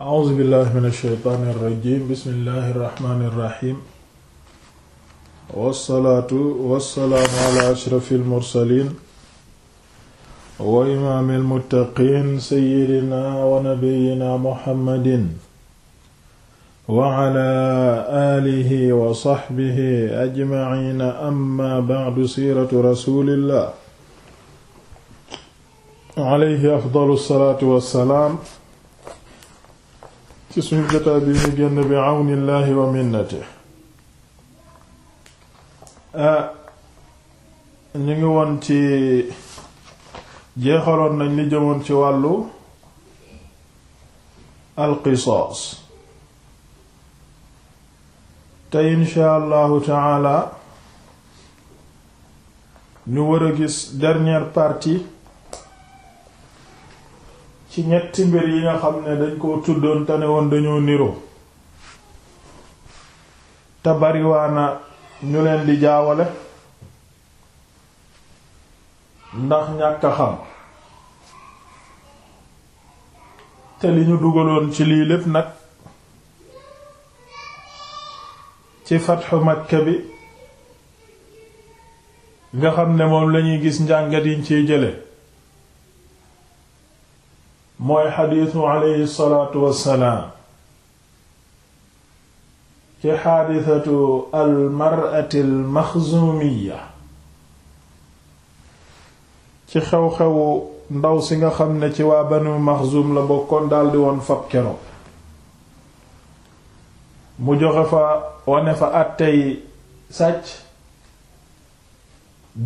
a'uuzu billahi min ash-shaytaani irrajim bismillahi irrahmani irrahim wassalaatu wassalaamu ala ashrafi almursalin wa imaami almuttaqiin sayyidina wa nabiyyina muhammadin wa ala aalihi wa saxbihi ajmaciina amma bacdu siiratu rasulillah alayhi afdalu salaatu wassalaam ci suñu jotaay bi ñu génn bi àwnillaahi wa minnati ñu ngi woon ci jeexaloon nañ li jëmoon ci wàllu alqisaas te insha allahu taala ñu war a gis dernière partie ci ñetti mbir yi nga xam ne dañ koo tuddoon te ne woon dañoo niroo te bariwaana ñu leen di jaawale ndax ñàkk xam te li ñu dugaloon ci lii lépp nag ci fatxu Makka bi nga xam ne moom lañuy gis njàngat yiñ ciy jële mooy xadiisu alayhi salaatu wassalaam ci xaadisatu almarati almaxzumiya ci xew-xewu ndaw si nga xam ne ci waa banu maxzum la bokkoon daldi woon fab kero mu joxe fa wane fa àttey sàcc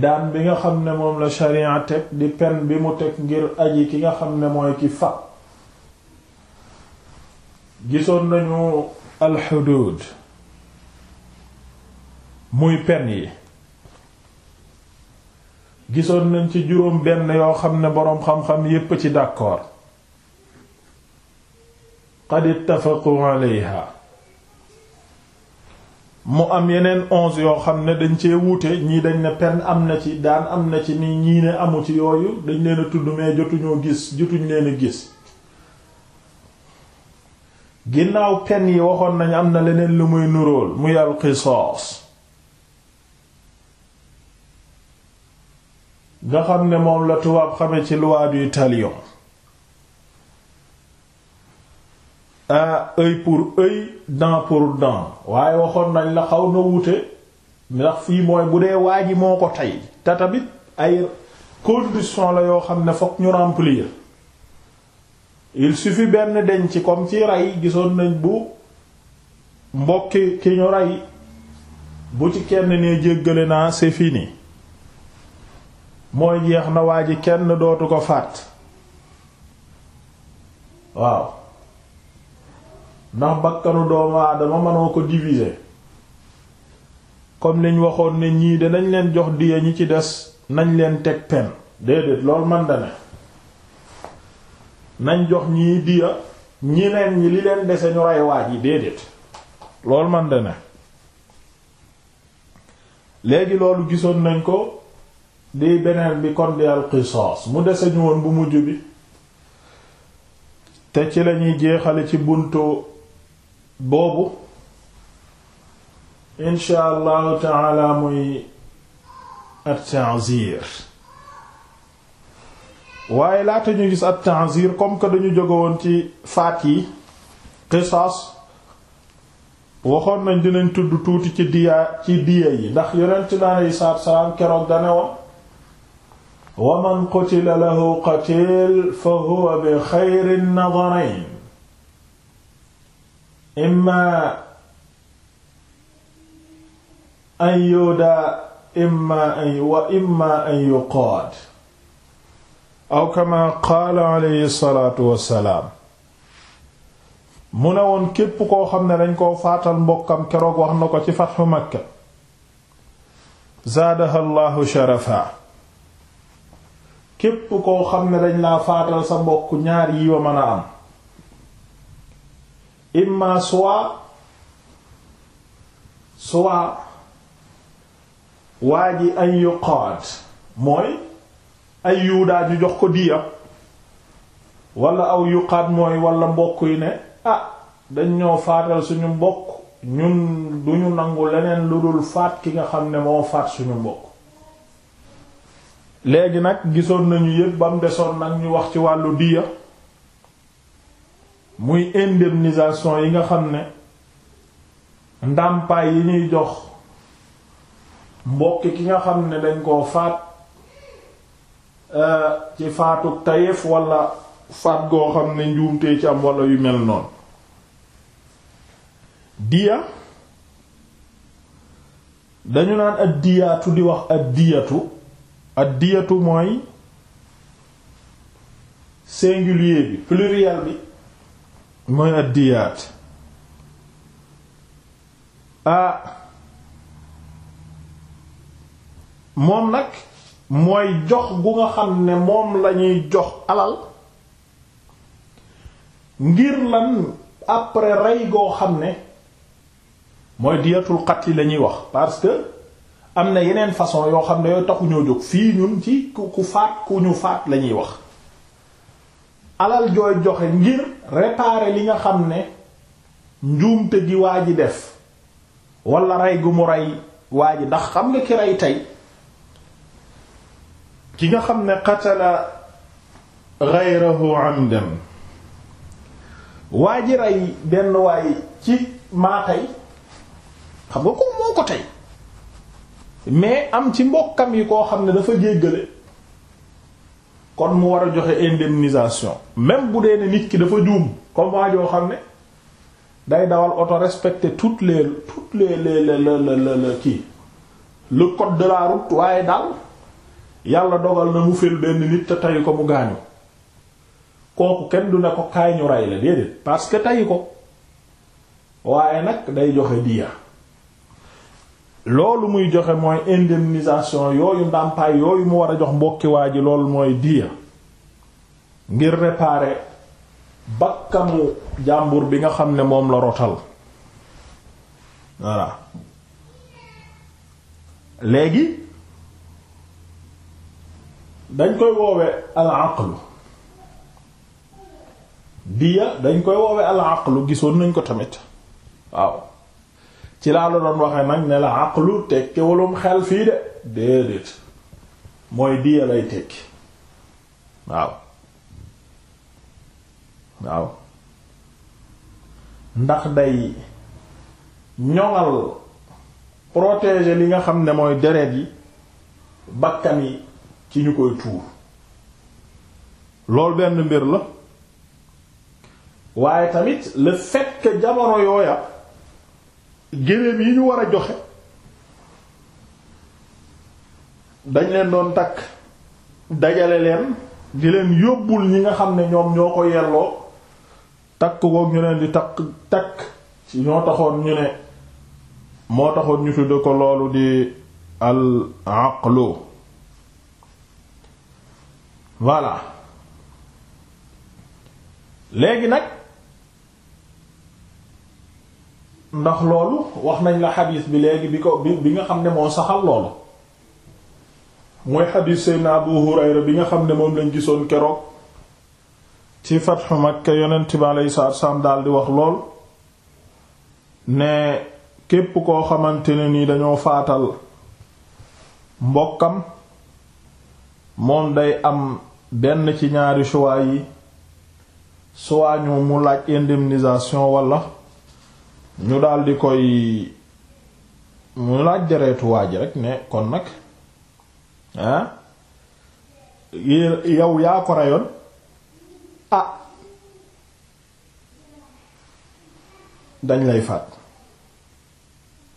daan bi nga xam ne moom la sharia teg di pen bi mu teg ngir aji ki nga xam ne mooy ki fat gisoon nañu alxuduud muy pen yi gisoon nañ ci juróom benn yoo xam ne boroom xam-xam yépp ci d'accord qad ittafaqu alayha mu am yeneen onze yoo xam ne dañ cee wuute ñii dañ ne pen am na ci daan am na ci ni ñii ne amu ci yooyu dañ leen a tudd mais jotuñoo gis jotuñ leen gis ginnaaw pen yi waxoon nañ am na leneen lu muy nuróol muy al qisaas nga xam ne moom la tubaab xame ci loi du talion Euh, œil pour œil dent pour dent waaye waxoon nañ la xaw na wuute ndax fii mooy bu dee waa ji moo ko tey te tamit ay condition la yoo xam ne fokk ñu remplir il suffit benn denc comme ci rey gisoon nañ bu mbokki ki ñu rey bu ci kenn ne jéggale naa c'est fini mooy jeex na waa kenn dootu ko fàtt waaw ndax bakkanu doomu aadama mënoo ko diviser comme liñ waxoon ne ñii de nañ leen jox diya ñi ci des nañ leen teg pen déedéet loolu man da ne nañ jox ñii diya ñeneen ñi li leen dese ñu rey waaj yi déedéet loolu man da ne léegi loolu gisoon nañ ko di beneen bi kon di mu dese ñu woon bu mujj bi te ci lañuy jeexale ci buntu boobu insha allahu taala muy at-ta'zir waaye laata ñu gis at-ta'zir comme que dañu jóge woon ci faat yi qisaas waxoon nañ dinañ tudd tuuti ci diya ci diya yi ndax yonent bi aleyhi salaatu keroog dane woon wa man qutila fa huwa bi xayri an imma an yuuda imma an wa imma an yuqaad aw kama qaala alayhi salaatu wassalaam mu ne woon képp koo xam ne dañ koo faatal mbokkam keroog wax na ko ci fatxu makka zaadaha allahu sharafa képp koo xam ne dañ laa faatal sa mbokk ñaar yi wa mën a am imma soit soit waa ji ay yuqaad mooy ay yuudaa ju jox ko diya wala aw yuqaat mooy wala mbokk yi ne ah dañ ñoo faatal suñu mbokk ñun duñu nangu leneen lu dul faat ki nga xam ne moo faat suñu mbokk léegi nag gisoon nañu yépp bam desoon nag ñu wax ci wàllu diya muy indemnisation yi nga xam ne ndàmpaay yi ñuy jox mbokki ki nga xam ne dañ koo faat euh, ci faatu tayef walla faat goo xam ne njuumtee ci am walla yu mel noonu diya dañu naan ad diyaatu di wax ad diyatu ad diyatu mooy singulier bi pluriel bi mooy addiyaat a moom nag mooy jox gu nga xam ne moom lañuy jox alal ngir lan après rey goo xam ne mooy diyatul qatl lañuy wax parce que am na yeneen façon yoo xam ne yooyu taxu ñoo jóg fii ñun ci ku faat ku ñu faat lañuy wax alal jooy joxe ngir réparer li nga xam ne njuumte gi waa ji def wala rey gu mu rey waa ji ndax xam nga ki rey tey ki nga xam ne qatala ghayrahu dem waa ji rey benn waay ci maa tey xam nga ko moo ko tey mais am ci mbokkam yi koo xam ne dafa jéggale kon mu war a joxe indemnisation même bu dee ne nit ki dafa juum comme waa joo xam ne day dawal oto respecter toutes les toutes les les les les kii lu code de la waaye daal yàlla dogal na mu fël benn nit te tayu ko mu gaañu kooku kenn du ne ko kaay ñu rey la déedéet parce que tayu ko waaye nag day joxe diya. loolu muy joxe mooy indemnisation yooyu ndàmpaay yooyu mu war a jox mbokki waa ji loolu mooy diya ngir réparer bakkanu jàmbur bi nga xam ne moom la rotal voilà léegi dañ koy woowe al aqlu diya dañ koy woowe al aqlu gisoon nañ ko tamit waaw ci laa la doon waxe nag ne la aqlu tekkiwulum xel fii de déedéet mooy diya lay tekki waaw waaw ndax day ñoŋal protéger li nga xam ne mooy deret yi bakkan yi ci ñu koy tuur loolu benn mbir la waaye tamit le fait que jamono yooya géléem yi ñu war a joxe dañ leen doon takk dajale leen di leen yóbbul ñi nga xam ne ñoom ñoo ko yelloo takk kook ñu leen di takk takk ci ñoo taxoon ñu ne moo taxoon ñu tudd ko loolu di al aqlu voilà léegi nag ndax loolu wax nañ la xadiis bi léegi bi ko bi bi nga xam ne moo saxal loolu mooy xadiis Seydina Abu Hurayra bi nga xam ne moom lañ gisoon keroog ci Fathu Makka yonent bi alayhi salaatu salaam daal di wax lool ne képp koo xamante ne nii dañoo faatal mbokkam moom day am benn ci ñaari choix yi soit ñu mu laaj indemnisation walla ñu daal koy mu laaj dereetu waa ji rek ne kon nag ah yow yaa ko reyoon ah dañ lay faat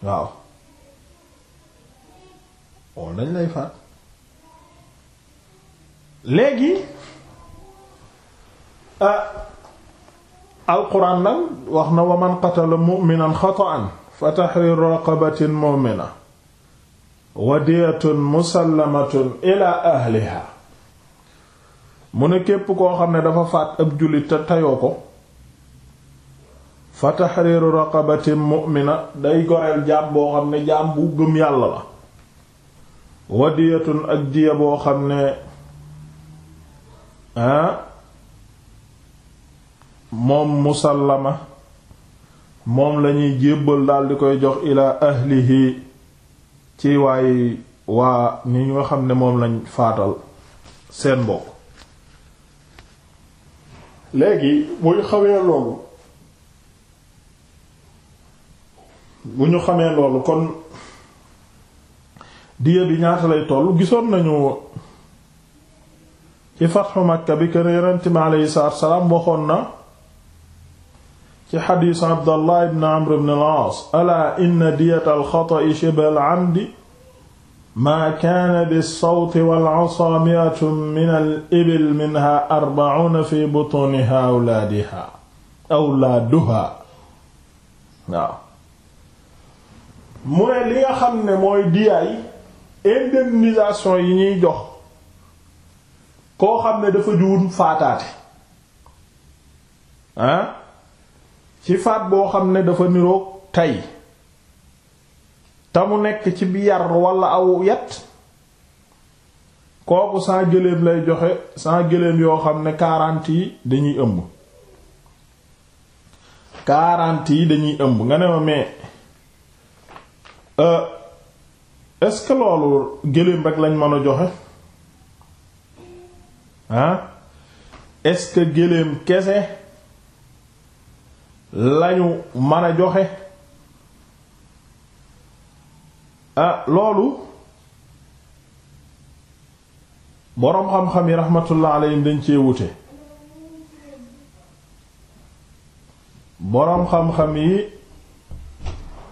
waaw wool oh, dañ lay faat léegi ah alxuraan nag wax na wa man qatala mu'minan xata'an fa tahriru raqabatin mu'mina wa musallamatun ila ahliha mu ne képp koo xam ne dafa faat ab jullit te tayoo ko fa tahriru raqabatin mu'mina day goreel jaam boo xam ne jaam bu gëm yàlla la wa ak diya boo xam ne ah moom musallama moom lañuy jébbal daldi koy jox ilaa ahlihi ci waay waa ni ñu xam ne moom lañu faatal seen mbokk léegi buñ xamee loolu bu ñu xamee loolu kon diya bi ñaata lay toll gisoon nañu ci fa Makka bi kër yonent mi aleyhi salaatu salaam waxoon na ci xadiis abdallah ibn amr ibn alaa inna diyata alxata'i shibha al-amdi maa kaana bis wal-asaa min al-ibil fi butunihaa awlaadihaa awlaaduhaa waaw mu ne li nga xam ne mooy diyaay indemnisation yi ñuy jox koo xam ne dafa juum faataate ah ci faat boo xam ne dafa niroog tey te mu nekk ci biyar walla aw yet kooku sans gëléem lay joxe sans gëléem yoo xam ne quarante dañuy ëmb quarante yi dañuy ëmb nga ne ma mais euh, est-ce loolu gëléem rek lañ mën a joxe ah est-ce gëléem kese lañu mën a joxe ah loolu boroom xam-xam yi raxmatullah alayhim dañ cee wute boroom xam-xam yi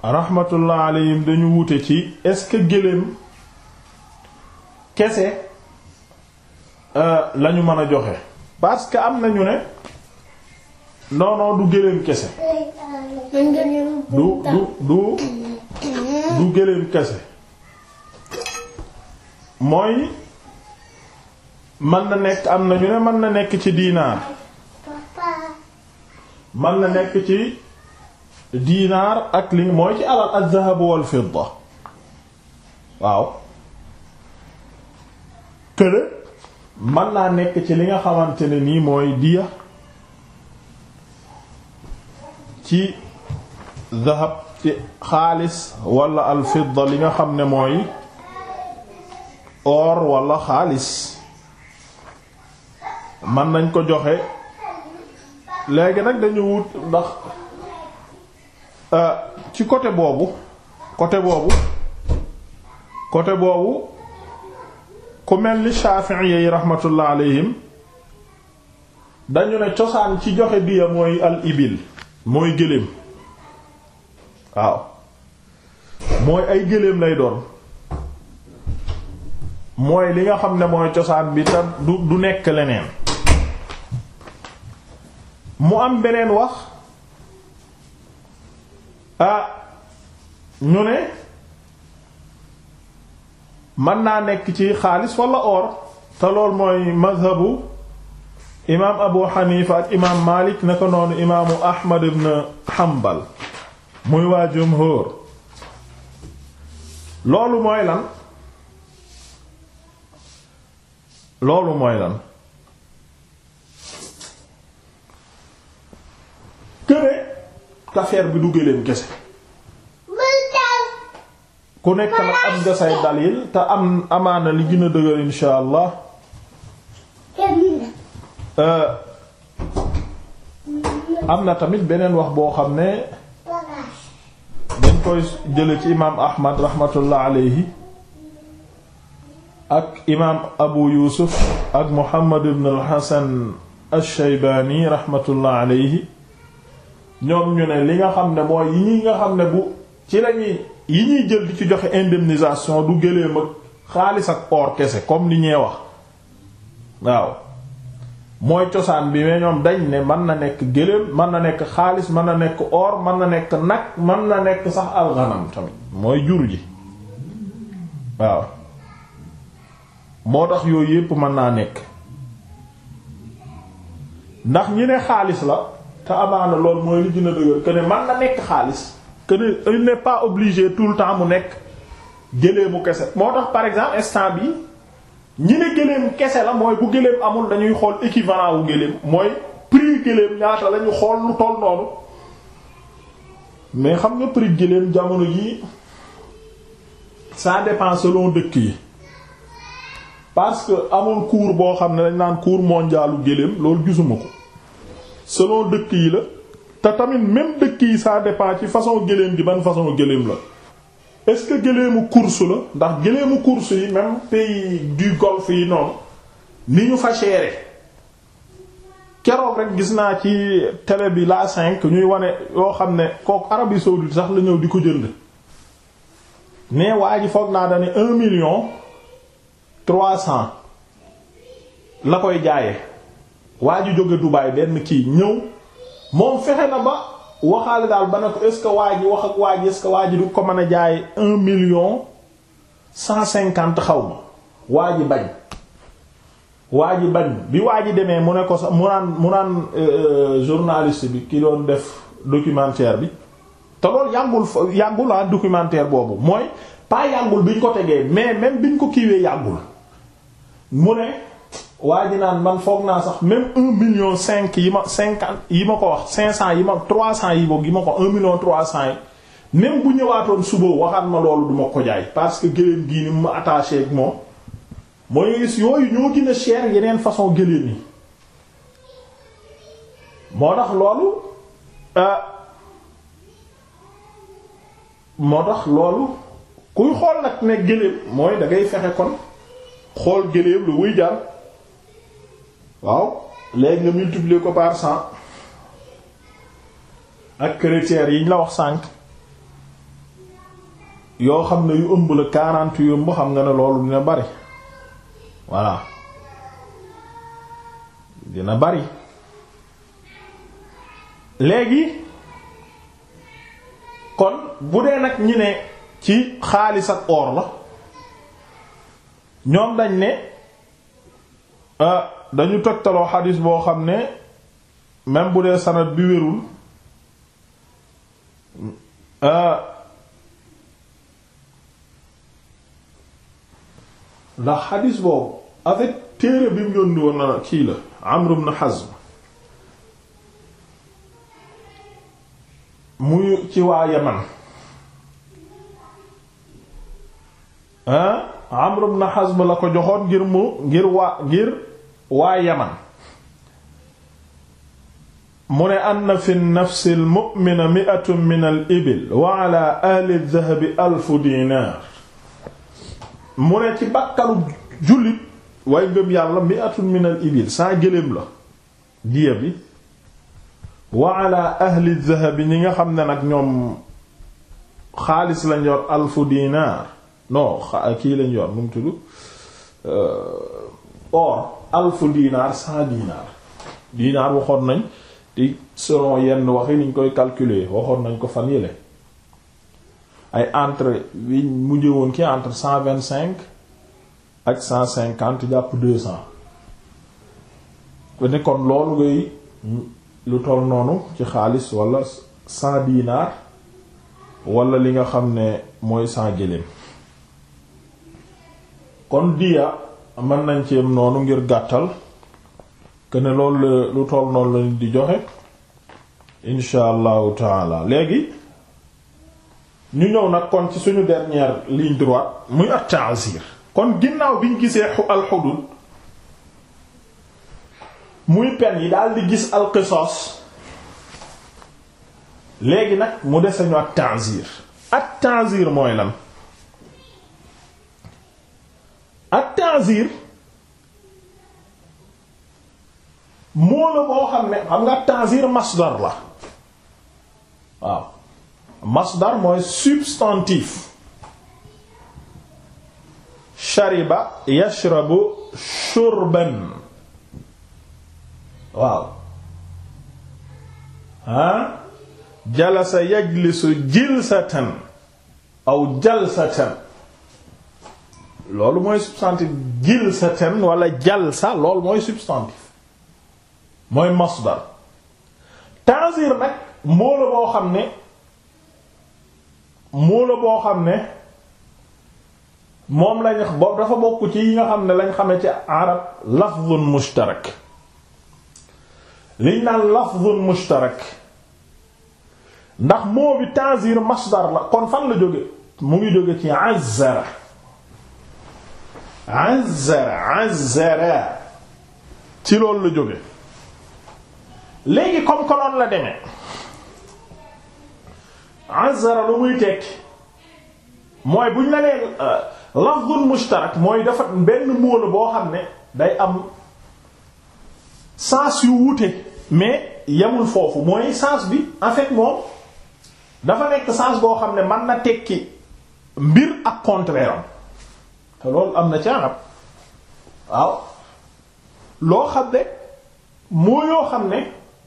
raxmatullah alayhim dañu wute ci est-ce que gëléem kese euh, lañu mën a joxe parce am nañu ne non du gëléem kese du du du du gëléem kese mooy mën na nekk am na ñu ne mën na nekk ci diinaar mën na nekk ci diinaar ak li mooy ci alal az-zahab fidda waaw kële mën naa nekk ci li nga xamante ne nii mooy diya ci zahab ci xaalis walla alfidda li nga xam ne mooy or walla xaalis mën nañ ko joxe léegi nag dañu wut ndax euh, ci côté boobu côté boobu côté boobu ku mel ni Shafi'i yi rahmatullah alayhim dañu ne cosaan ci joxe diya mooy al ibil mooy gëléem waaw mooy ay gëléem lay doon mooy li nga xam ne mooy cosaan bi te du du nekk leneen mu am beneen wax ah ñu ne mën naa nekk ci xaalis walla or te lool mooy mazhabu imaam Abu Hanifa ak imaam Malik naka noonu imaamu Ahmad ibn Hanbal muy waa jumhur loolu mooy lan loolu mooy lan këre kafeer bi du gëléem kese ku nekk nag am nga say dalil te am amaana li gën a dëgër insha Euh, am na tamit beneen wax boo xam ne dañ koy jële ci imaam ahmad rahmatullah alayhi ak imaam abu yusuf ak muhammad ibn alxasan alsheybaani rahmatullah alayhi ñoom ñu ne li nga xam ne mooy yi nga xam ne bu ci lañuy yi ñuy jël di ci joxe indemnisation du gëléem ak xaalis ak or kese comme li ñee wax waaw mooy cosaan bi mais ñoom dañ ne mën na nekk gëléem mën na nekk xaalis mën na nekk or mën na nekk nag mën na nekk sax alxanam tamit mooy jur ji waaw moo tax yooyu yépp mën naa nekk ndax ñi ne xaalis la te amaana lool mooy li dina dëgër que mën na nekk xaalis que ne il n'est pas obligé tout le temps mu nekk gëléemu kese moo tax par exemple instant bi ñi ne gëléem kese la mooy bu gëléem amul dañuy xool équivalent wu gëléem mooy prix gëléem ñaata lañu xool lu toll noonu mais xam nga prix gëléem jamono yi ça dépend selon dëkk yi parce que amul cours boo xam ne dañ naan cours mondialu gëléem loolu gisuma ko selon dëkk yi la te tamit même dëkk yi ça dépend ci façon gëléem gi ban façon gëléem la est-ce que gëleemu course la ndax gëleemu course yi même pays du golfe yi noonu ni ñu fa chéré keroog rek gis naa ci télé bi la 5 ñuy wane yoo xam ne kook Arabie saoudite sax la ñëw di ko jënd mais waa ji foog naa dane un million trois cent la koy jaaye waa ji jóge Dubaï benn kii ñëw moom fexe na ba waxaale daal ba ne ko est que waa ji wax ak waa ji est-ce que waa ji du ko mën a jaay un million cent cinquante xaw ma waa ji bañ waa ji bañ bi waa ji demee mu ne ko sax mu naan mu naan euh, journaliste bi ki doon def documentaire bi te loolu yàggul yàggul ah documentaire boobu mooy pas yàggul biñ ko tegee mais même biñ ko kiiwee yàggul mu ne waa ji naan man foog naa sax même un million cinq yi ma cinquante yi ma ko wax cinq cent yi ma trois cent yi boog yi ma ko un million trois cent yi même bu ñëwaatoon suba waxaat ma loolu duma ko jaay parce que gëléem gii ni mu ma attaché ak moom mooy gis yooyu ñoo gën a cher yeneen façon gëléem yi moo tax loolu euh, moo tax loolu kuy xool nag ne gëléem mooy da fexe kon xool gëléem lu wuy jar waaw léegi nga multiplier ko par ak critères yi ñu la wax cinq yoo xam ne yu ëmb la quarante yu ëmb xam nga ne loolu dina bari voilà dina bari léegi kon bu dee nag ñi ne ci xaalis ak or la ñoom dañ ne euh, dañu tegtaloo xadis boo xam ne même bu dee sanad bi wérul euh, ndax xadis boobu avec téere bi mu yónni woon kii la Amr ibn Hazm muy ci waa Yaman ah Amr ibn Hazm la ko joxoon ngir mu ngir waa ngir waa yaman mu ne ann fi nafsi almu'mina mi'atu min al ibil wa ala ahli dahabi alfu dinaar mu ne ci bakkalu jullit way ngëm yàlla mi'atu min al ibil saa gëléem la diya bi wa ala ahli dahabi ñi nga xam ne nag ñoom xaalis lañ yor alfu dinaar non kii lañ yor nu mu tudd euh, alfu dinaar cent dinaar dinaar waxoon nañ di selon yenn waxi niñ koy calculer waxoon nañ ko fan yële ay entre bi mujje woon ki entre cent vingt cinq ak cent cinquante jàpp deux cent ne kon loolu ngay lu toll noonu ci xaalis wala cent dinaar wala li nga xam ne mooy cent gëléem kon diya mën nañ ci am noonu ngir gàttal que ne loolu lu toll noonu la nit di joxe incha allahu taala léegi ñu ñëw nag kon ci suñu dernière ligne droit muy at-ta'zir kon ginnaaw biñ gisee al-hudud muy pen yi daal di gis al léegi nag mu dese ñu at-ta'zir at-ta'zir mooy lan. ak ta'zir moo la boo xam ne xam nga ta'zir masdar la waaw masdar mooy substantif shariba yashrabu shurban waaw ah jalasa yajlisu jilsatan aw jalsatan loolu mooy substantif gilsatan wala jalsa loolu mooy substantif mooy masdar ta'zir nag moo la boo xam ne moo boo xam ne moom lañ boobu dafa bokk ci yi nga xam ne lañ xamee ci arab lafdhun mushtarak liñ naan lafdhun mushtarak ndax moo bi ta'zir masdar la kon fan la jóge mu ngi jóge ci azara azzara azzara ci loolu la jóge léegi comme konoon la demee azzara lu muy tekki mooy buñ la nee euh, lafdun mushtarak mooy dafa benn mot boo xam ne day am sens yu wuute mais yemul foofu mooy sens bi en fait moom dafa nekk sens boo xam ne mën na tekki mbir ak contraire te loolu am na ci arab waaw loo xam ne moo yoo xam ne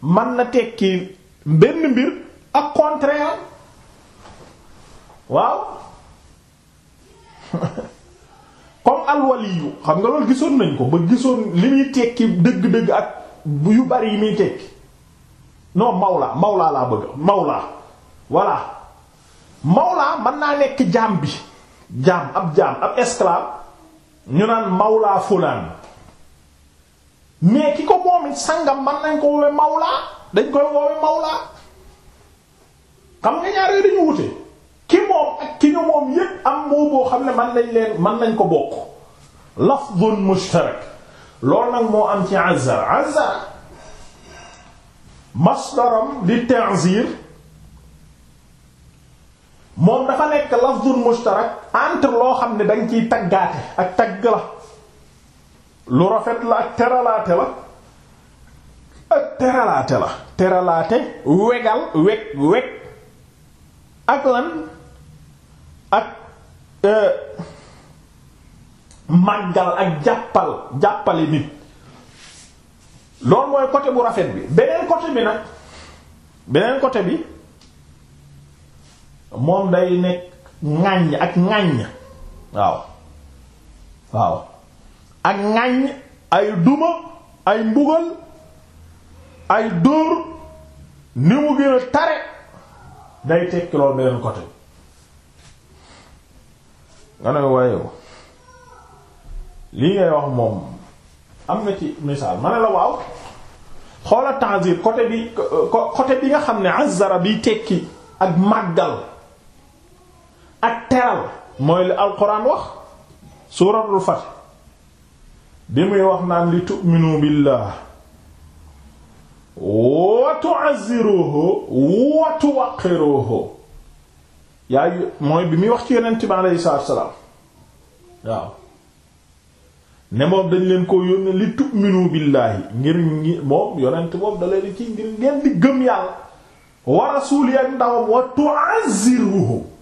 man na tekki benn mbir ak contraire waaw comme alwaliyu xam nga loolu gisoon nañ ko ba gisoon li muy tekki dëgg-dëgg ak yu bari yi muy tekki non mawla mawla laa bëgg mawla voilà mawla mën naa nekk jaam bi jaam ab jaam ab esclave ñu naan mawlaa fulaan mais ki ko moom it sangam man nañ ko woowe mawlaa dañ koy woowe mawlaa xam nga ñaaree dañu wute ki moom ak ki ñu moom yépp am moo boo xam ne man nañ leen man nañ ko bokk lafdun mushtarak loolu nag moo am ci azar azar masdaram di ta'zir moom dafa nekk lafzun mushtarak entre loo xam ne dañ ciy taggaate ak tagg la lu rafet la ak teralaate la ak teralaate la teralaate wegal weg weg ak lan ak euh, màggal ak jàppal jàppale nit loolu mooy côté bu rafet bi beneen côté bi nag beneen côté bi moom day nekk ŋàññ ak ŋàññ waaw waaw ak ŋàññ ay duma ay mbugal ay dóor ni mu gën a tare day tekki loolu beneen côté nga ne waaye lii ngay wax moom am na ci misaal ma ne la waaw xoola tanzir côté bi côté bi nga xam ne azzara bi tekki ak màggal ak teral mooy li alquran wax suuratul Fath bi muy wax naan li tu'minu billah wa tu'azziruhu wa tuwaqqiruhu yaay mooy bi muy wax ci yonent bi aleyhi salaatu salaam waaw ne moom dañ leen ko yónnee li tu'minu billaahi ngir ngi moom yonent boobu da leen ci ngir ngeen di gëm yàlla wa rasuuli ak ndawam wa tu'azziruhu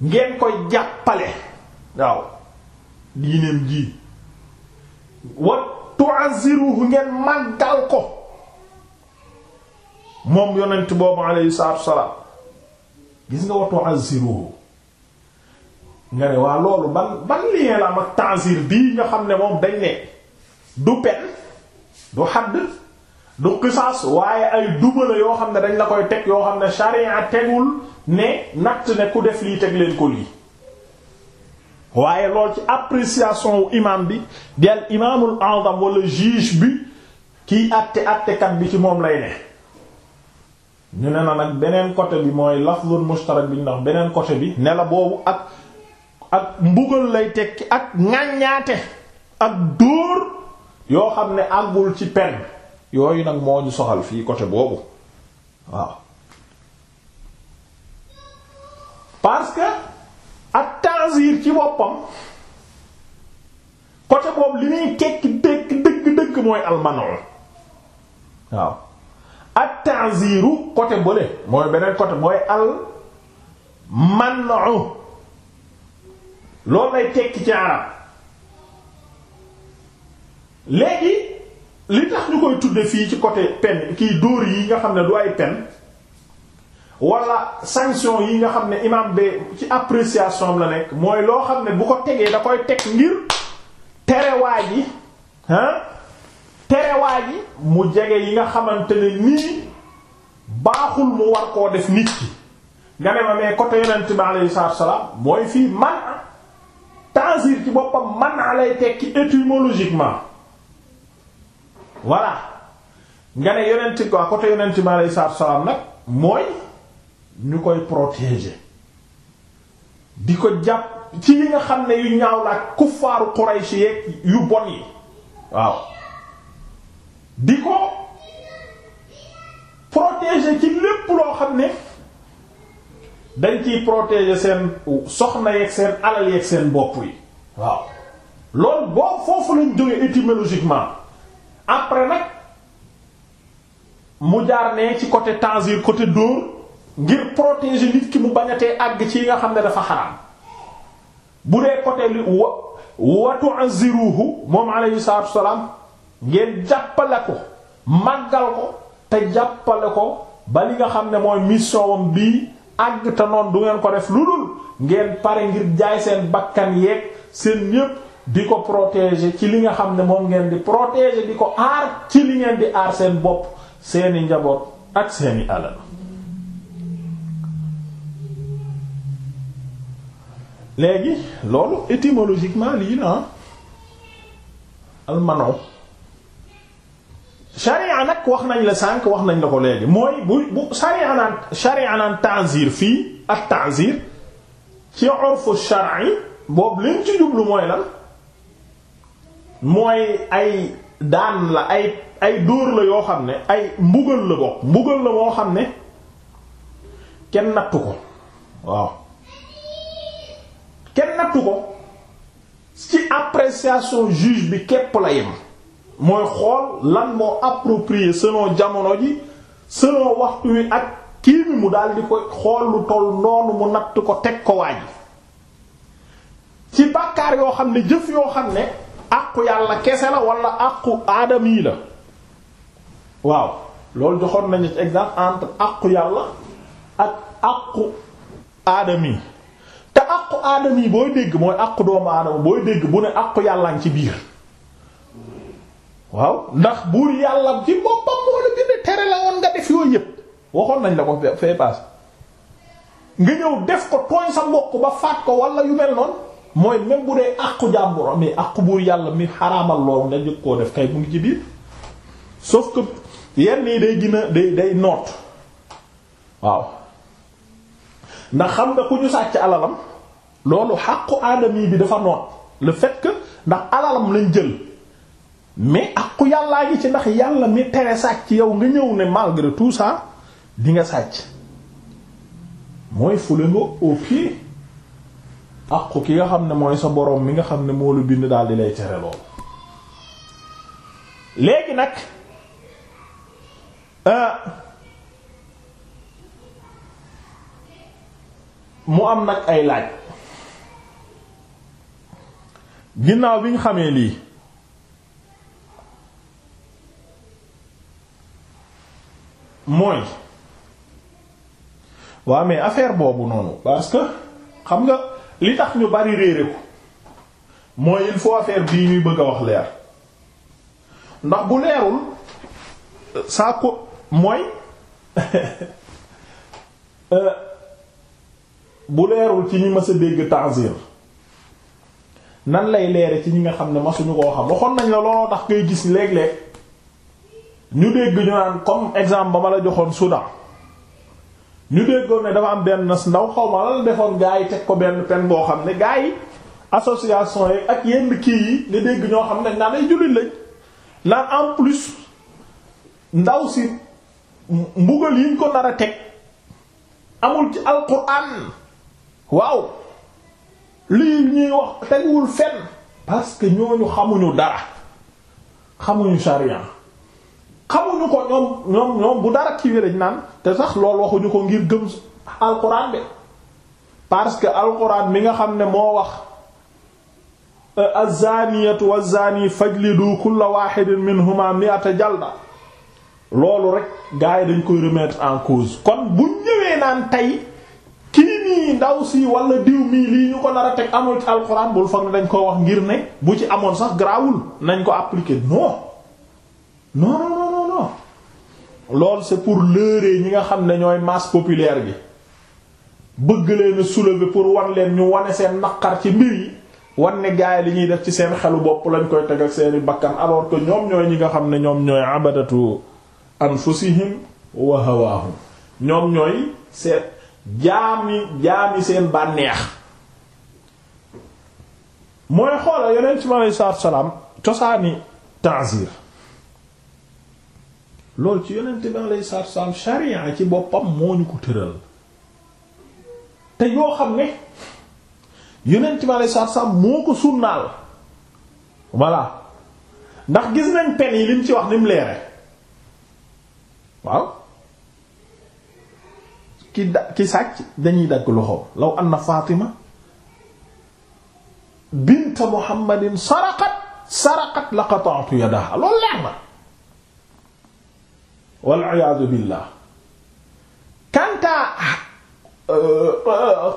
ngeen koy jàppale waaw diineem ji wa tu'azziruhu ngeen màggal ko moom yonent boobu alayhi salaatu wassalaam gis nga wa tu'azziruhu nga ne waa loolu ban ban lien la am ak ta'zir bii nga xam ne moom dañ ne du pen du xadd du qisaas waaye ay dubala yoo xam ne dañ la koy teg yoo xam ne sharia tegul ne natt ne ku def lii teg leen ko lii waaye lool ci appréciation wu imam bi di al imaamul azam walla juge bi kiy àtte àttekat bi ci moom lay ne ñu ne na nag beneen côté bi mooy lafzul mushtarak bi ñu ndax beneen côté bi ne la boobu ak ak mbugal lay teg tekki ak ŋàññaate ak dóor yoo xam ne àggul ci peine yooyu nag moo soxal fii côté boobu waaw parce que ak tanzir ci boppam côté boobu li muy tekki dëkk dëkk dëkk mooy almanon waaw ak tanziru côté bële mooy beneen côté mooy almanon loolu lay tekki ci arab léegi li tax ñu koy tudde fii ci côté peine kii dóor yi nga xam ne du ay pen wala sanction yi nga xam ne imam be ci appréciation la nekk mooy loo xam ne bu ko tegee da koy teg ngir terewaa ji ah terewaa ji mu jege yi nga xamante ne nii baaxul mu war koo def nit ki nga ne ma mais côté yonent bi alayhi salaatu salaam mooy fii man tensir ci boppam man lay ci étymologiquement voilà nga ne yonent quoi côté yonent mi aleyhi salaatu salaam nag mooy ñu koy protéger di ko jàpp ci li nga xam ne yu ñaaw la ak kuffaaru Quraysh yeeg yu bon yi waaw di ko protéger ci lépp loo xam ne dañ ciy protéger seen soxna yeeg seen alal yeeg seen bopp yi waaw loolu boo foofu lañ jógee étymologiquement après nag mu jaar ne ci côté tanzir côté dóor ngir protéger nit ki mu bañatee àgg ci yi nga xam ne dafa xaraam bu dee côté li wa watu aziruhu moom alayhi salaatu wasalaam ngeen jàppale ko màggal ko te jàppale ko ba li nga xam ne mooy mission wam bii àgg te noonu du ngeen ko def lu dul ngeen pare ngir jaay seen bakkan yeeg seen ñépp di ko protéger ci li nga xam ne moom ngeen di protésé di ko aar ci li ngeen di aar seen bopp seeni njaboot ak seeni alal léegi loolu étymologiquement lii la almano sharia nag wax nañ la sànq wax nañ la ko léegi mooy bu bu sharia naan sharia naan ta'zir fii ak ta'zir ci urfu shar'i boobu leen ci jublu mooy lan mooy ay daan la ay ay dóor la yoo xam ne ay mbugal la bokk mbugal la moo xam ne kenn nattu ko waaw kenn nattu ko ci appréciation juge bi képp la yem mooy xool lan moo approprié selon jamono ji selon waxtu wi ak kii mu daal di koy xool lu toll noonu mu natt ko teg ko waaj ci bàkkaar yoo xam ne jëf yoo xam ne àqu yàlla kese la walla àqu aadami la waaw loolu joxoon nañu ci exemple entre àqu yàlla ak àqu aadami te àqu aadami booy dégg mooy àqu doomu aadama booy dégg bu ne àqu yàlla ngi ci biir waaw ndax buur yàlla ci nga def yooyu yëpp waxoon nañ la ko fee paas nga ñëw def ko tooñ sa mbokk ba faat ko wala yu mel noonu mooy même bu dee àqu jàmbur mais àqu buur yàlla mi xaraamal loolu nga jëkk koo def kay mu ngi ci biir sauf que yenn yi day gën a day day noot waaw ndax xam nga ku ñu sàcc alalam loolu xàqu aadami bi dafa noot le fait ndax alalam lañ jël mais àqu yàllaa ngi ci ndax yàlla mi tere sàcc yow nga ñëw ne malgré tout ça di nga sàcc mooy fule nga au aqu ki nga xam ne mooy sa boroom mi nga xam ne moo lu bind daal di lay tere loolu léegi nag euh, mu am nag ay laaj ginnaaw bi ñu xamee lii mooy waa mais affaire boobu noonu parce xam nga li tax ñu bari réere ko mooy il faut affaire bii ñuy bëgg a wax leer ndax bu leerul saa ko mooy euh, bu leerul ci ñi mës a dégg ta'zir nan lay leere ci ñi nga xam ne masuñu koo xam waxoon nañ la looloo tax ngay gis léeg-léeg ñu dégg ñu naan comme exemple ba ma la joxoon Soudan ñu déggoon ne dafa am benn ndaw xaw ma la defoon gaa yi teg ko benn pen boo xam ne gaa yi association yi ak yenn kii yi nga dégg ñoo xam ne naa ay jullit lañ naan en plus ndaw si mbugal yiñ ko nar a teg amul ci alquran waaw lii ñuy wax teguwul fenn parce que ñooñu xamuñu dara xamuñu sharia xamuñu ko ñoom ñoom ñoom bu dara ci wéreñ naan te sax lool waxuñu ko ngir gëm alxuraan de parce que alxuraan mi nga xam ne moo wax az-zaaniyatu waz-zaani fajlidu kulla waahidin minhuma mi'ata jalda loolu rek gars yi dañ koy remettre en cause kon bu ñëwee naan tey kii nii ndaw si wala diw mii lii ñu ko nar teg amul ci alxuraan bul foog ne dañ ko wax ngir ne bu ci amoon sax garaawul nañ ko appliquer non non non lool c'est pour leurrer ñi nga xam ne ñooy masse populaire bi bëgg leen soulever pour wan leen ñu wane seen naqar ci mbir yi wan ne gaay li ñuy def ci seen xelu bopp lañ koy teg ak seeni bakkan alors que ñoom ñooy ñi nga xam ne ñoom ñooy abadatu anfusihim wa hawaahum ñoom ñooy seet jaami jaami seen bànneex mooy xoola yeneen ci ma alei salaam cosaani ta'zir loolu ci yonent bi alayhi salaatu wassalaam sharia ci boppam moo ñu ko tëral te yoo xam ne yonent bi alayhi salaatu wassalaam moo ko la voilà ndax gis nañ pen yi lim ci wax ni mu leere waaw ki da ki sàcc dañuy dagg loxoom law anna Fatima bint Muhammadin saraqat saraqat laqata'tu yadaha loolu leer na wal iyaadu billah kanta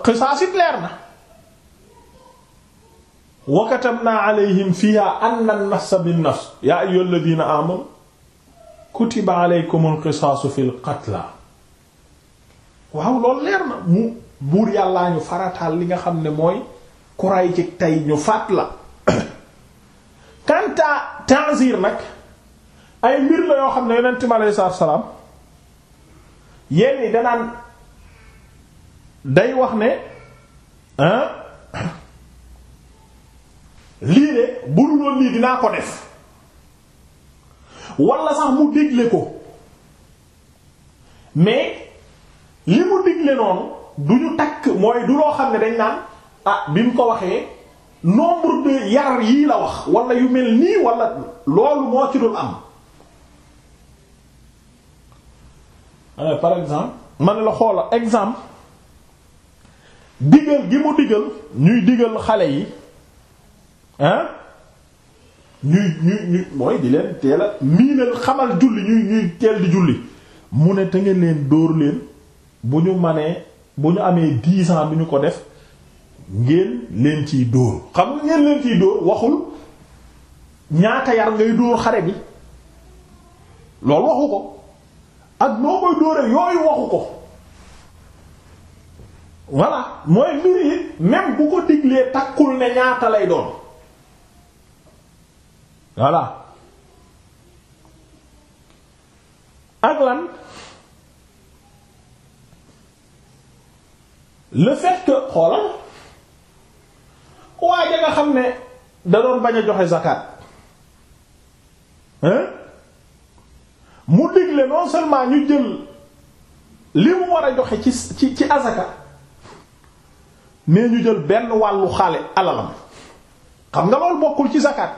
qisaas it leer na wa katabna alayhim fiha anna an-nafsa bin-nafs yaa ayyuha alladhina amanu kutiba alaykumul qisaasu fil qatla waaw loolu leer mu buur yàllaa ñu farataal li nga xam ne mooy ku ray ci tey ñu faat la kanta ta'zir nag ay mbir la yoo xam ne yonent mi aleyhi salaatu salaam yenn yi danaan day wax ne lii de bu dul woon lii dinaa ko def wala sax mu digle ko mais li mu digle noonu du ñu takk mooy du loo xam ne dañ naan ah bi mu ko waxee nombre de yar yii la wax wala yu mel nii wala loolu moo ci dul am Euh, par exemple ma ne la xoolal exemple digal gi mu digal ñuy diggal xale yi ah ñuy ñuy mooy di leen teel a miinal xamal julli ñuy ñuy teel di julli mu ne te ngeen leen dóor leen bu ñu manee bu ñu amee dix ans bu ñu ko def ngeen leen ciy dóor xam nga ngeen leen ciy dóor waxul ñaata yar ngay dóor xare bi loolu waxu ko ak noo koy dóore yooyu waxu ko voilà mooy mbir yi bu ko diglee takkul ne ñaata lay doon voilà ak lan le que xoolal waaye nga xam ne da doon bañ a joxe zakat hein mu digle non seulement ñu jël li mu war a joxe ci ci ci azaka mais ñu jël benn wàllu xaale alalam xam nga loolu bokkul ci zakat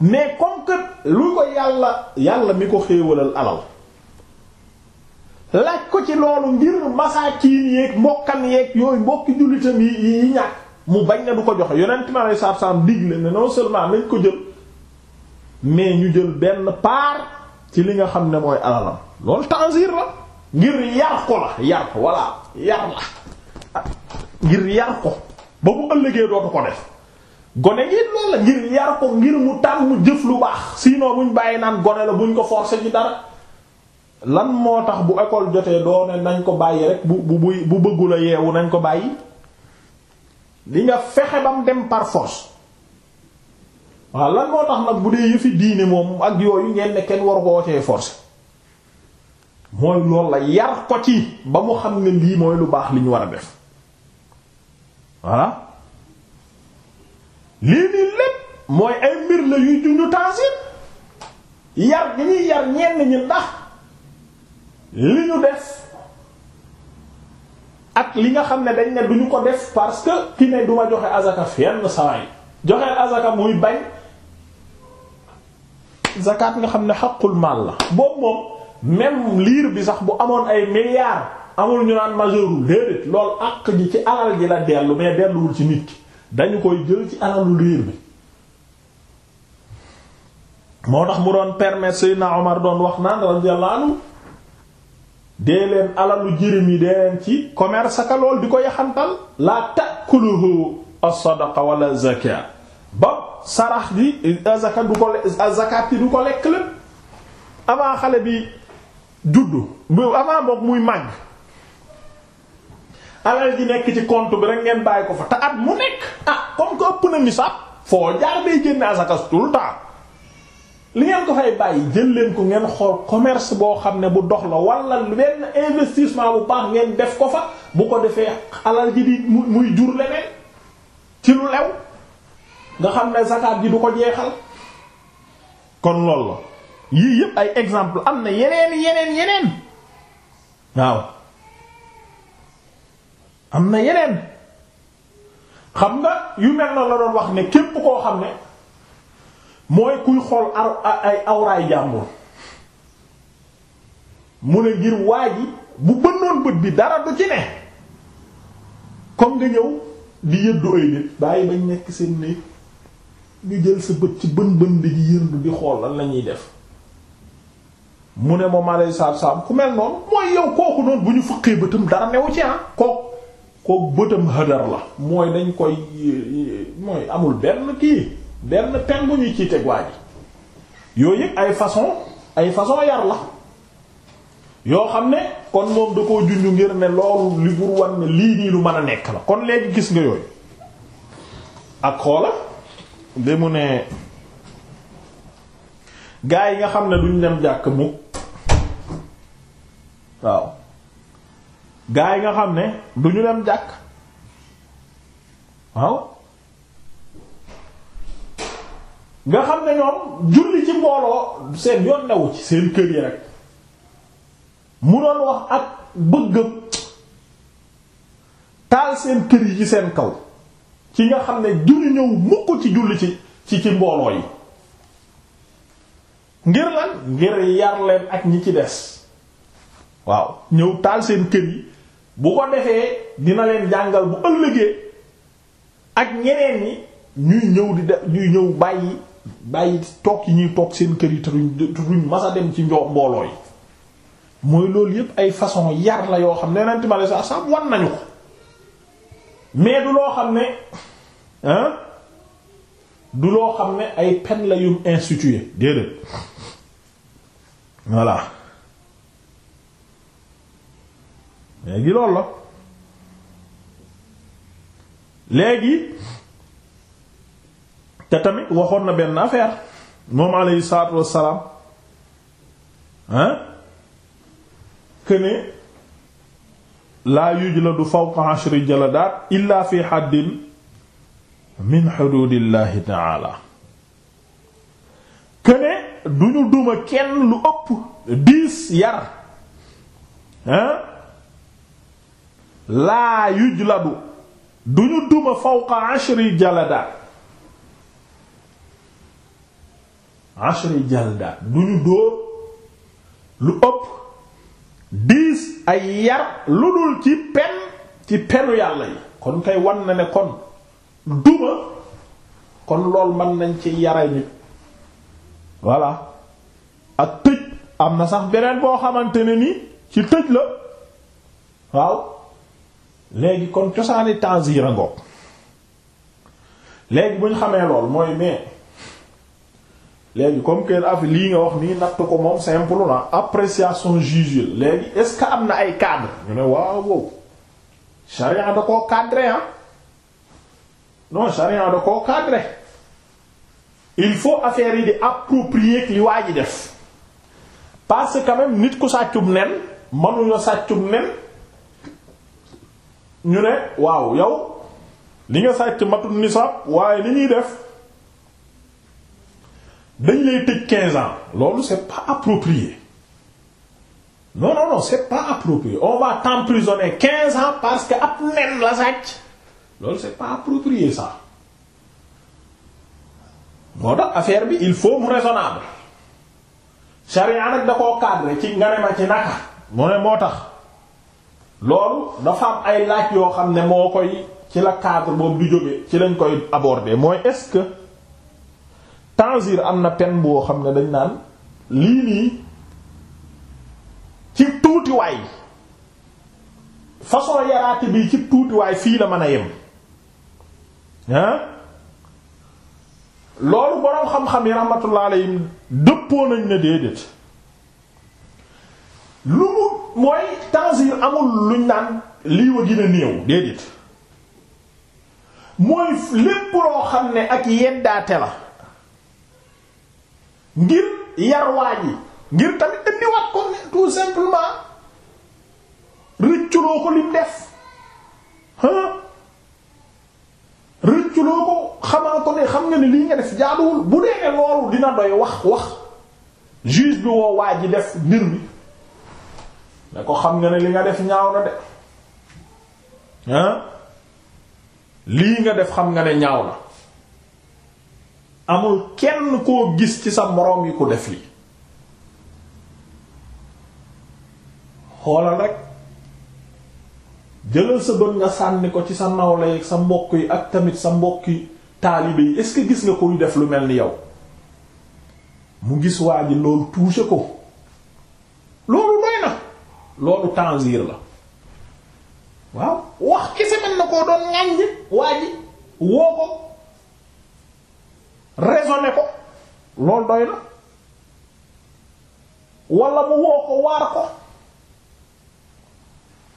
mais comme que lu ko yàlla yàlla mi ko xéewalal alal laaj ko ci loolu ngir masaakiin yéeg mbokkan yeeg yooyu mbokki jullitam yi yi ñàkk mu bañ na du ko joxe yonent mi alei satu salaam seulement nañ ko jël mais ñu jël benn part ci li nga xam ne mooy alalam loolu tanzir la ngir yar ko la yar ko walla yar la ah, ngir yar ko ba bu ëllëgee dootu ko def gone gi loolu la ngir yar ko ngir mu tànn mu jëf lu baax sinon buñ bàyyi naan gone la buñ ko forcer ci dara lan moo tax bu école jotee doo ne nañ ko bàyyi rek bu bu bu bëggula yeewu nañ ko bàyyi li nga fexe bam dem par waaw lan moo tax nag bu dee yëfi diine moom ak yooyu ngeen ne kenn war koo cee force mooy loolu la yar ko ci ba mu xam ne lii mooy lu baax li ñu war a def voilà lii nii lépp mooy ay mbir la yuy junju tensir yar gi ñuy yar ñenn ñi ndax li ñu def ak li nga xam ne dañ ne duñu ko def parce que ki ne duma joxe azaka fenn sawaay joxe azaka muy bañ zakat nga xam ne xaqul maal la boobu moom même liir bi sax bu amoon ay milliards amul ñu naan majeurul déedéet loolu àq ji ci alal ji la dellu mais delluwul ci nit ki dañu koy jël ci alalu liir bi moo tax mu doon permettre Seydina Omar doon wax naan radiyallahu anhu dee leen alalu jirim yi dee leen ci commerce aka lool di ko yaxantal la takuluhu as-sadaqa wala zakat ba sarax bi azaka du ko azakaat yi ko lekk lépp avant xale bi juddu avant boog muy màgg alal ji nekk ci compte bi rek ngeen bàyyi ko fa te at mu nekk ah comme que ëpp na nisaab foo jaar day génne azaka tout le temps li ngeen ko fay bàyyi jël leen ko ngeen xool commerce boo xam ne bu dox la wala benn investissement bu baax ngeen def ko fa bu ko defee alal ji di muy jur leneen ci lu lew nga xam ne zakat ji du ko jeexal kon loolu la yii yépp ay exemple am na yeneen yeneen yeneen waaw am na yeneen xam nga yu mel na la doon wax ne képp koo xam ne mooy kuy xool ay awraay jàmbur mu ne ngir waa ji bu bënnoon bët bi dara du ci ne comme nga ñëw di yëddu ay nit bàyyi bañ nekk seen néeg nga jël sa bët ci bën bën bi di yëndu xool la lañuy def mu ne moom alay saab saab ku mel noonu mooy yow kooku noonu bu ñu fëqee bëtam dara newu ci ah kook kook bëtam hadar la mooy dañ koy mooy amul benn kii benn pen bu ñuy ci teg waa yooyu yëpp ay façon ay façon yar la yoo xam ne kon moom da koo junj ngir ne loolu li bur wan lii nii lu mën a nekk la kon léegi gis nga yooyu ak xoola bi mu ne gaa yi nga xam ne duñ dem jàkk mukk waaw gaa yi nga xam ne duñu dem jàkk waaw nga xam ne ñoom julli ci mbooloo seen yoon newu ci seen kër yi rek mu doon wax ak bëgg taal seen kër yi ci seen kaw ci nga xam ne duñu ñëw mukk ci julli ci ci ci mbooloo yi ngir lan ngir yar leen ak ñi ci des waaw ñëw taal seen kër yi bu ko defee dina leen jàngal bu ëllëgee ak ñeneen ñi ñuy ñëw di def ñuy ñëw bàyyi bàyyi toog yi ñuy toog seen kër yi te duñ masa dem ci njoo mbooloo yi mooy loolu yépp ay façon yar la yoo xam ne nenti ma la sa wan nañu mais du loo xam ne hein du loo xam ne ay pen la yum institué déedéet voilà léegi loolu la léegi te tamit waxoon na benn affaire moom alayhi salaatu wassalaam hein que laa yujladu fawqa ashri jaladaat illa fi haddin min xuduudillaahi taala këne du ñu duma kenn lu ëpp diis yar hein laa yujladu du ñu duma fawqa ashri jaladaat du ñu dóor lu ëpp ay yar lu dul ci pen ci penu yàlla yi kon kay wan na ne kon duma kon lool mën nañ ci yara nit voilà ak tëj am na sax beneen boo xamante ne ni ci tëj la waaw léegi kon cosaani tanzira ngoog léegi bu ñu xamee lool mooy mais léegi comme que af lii nga wax nii natt ko moom simple na appréciation juge léegi est-ce que am na ay cadre ñu ne waaw wow charia da koo cadré ah non charia da koo cadré il faut affaire yi di approprier li waa ji def parce que quand même nit ku sàccum nen mënuñoo sàccum nen ñu ne waaw yow li nga sàcc matul nisaab waaye li ñuy def dañ lay tëj quinze ans loolu c'est pas approprié non non non c'est pas approprié on va t'emprisonner quinze ans parce que ab nen la sàcc loolu c'est pas approprié sax moo tax affaire bi il faut mu raisonnable charia nag da koo cadre ci nga ma ci naka mu ne moo tax loolu dafa am ay laaj yoo xam ne moo koy ci la cadre boobu du jóge ci lañ koy aborder mooy est-ce que tanzir am na pen boo xam ne dañ naan lii nii ci tuutiwaay façon yaraate bi ci tuutiwaay fii la mën a yem ah loolu boroom xam-xam yi rahmatullah alayhim dëppoo nañ ne déedéet lu mu mooy tanzir amul luñ naan lii wa gën a néew déedéet mooy lépp loo xam ne ak yeddaate la ngir yar waa ji ngir tamit indiwaat ko tout simplement rëcculoo ko lim def ah rëcculoo ko xamaa ko ne xam nga ne lii nga def jaaduwul bu dee ne loolu dina doy wax wax juge bi woo waa ji def mbir mi ne ko xam nga ne li nga def ñaaw na de ah lii nga def xam nga ne ñaaw na. amul kenn koo gis ci sa moroom yi ku def li xoolal rek jëlal sa bët nga sànni ko ci sa nawle yi sa mbokk yi ak tamit sa mbokki taalibe yi est-ce que gis nga koy def lu mel ni yow mu gis waa ji loolu touché ko loolu doy na loolu tanzir la waaw wax kese mën na koo doon ŋàññ waa woo ko raisonné ko loolu doy na wala mu woo ko waar ko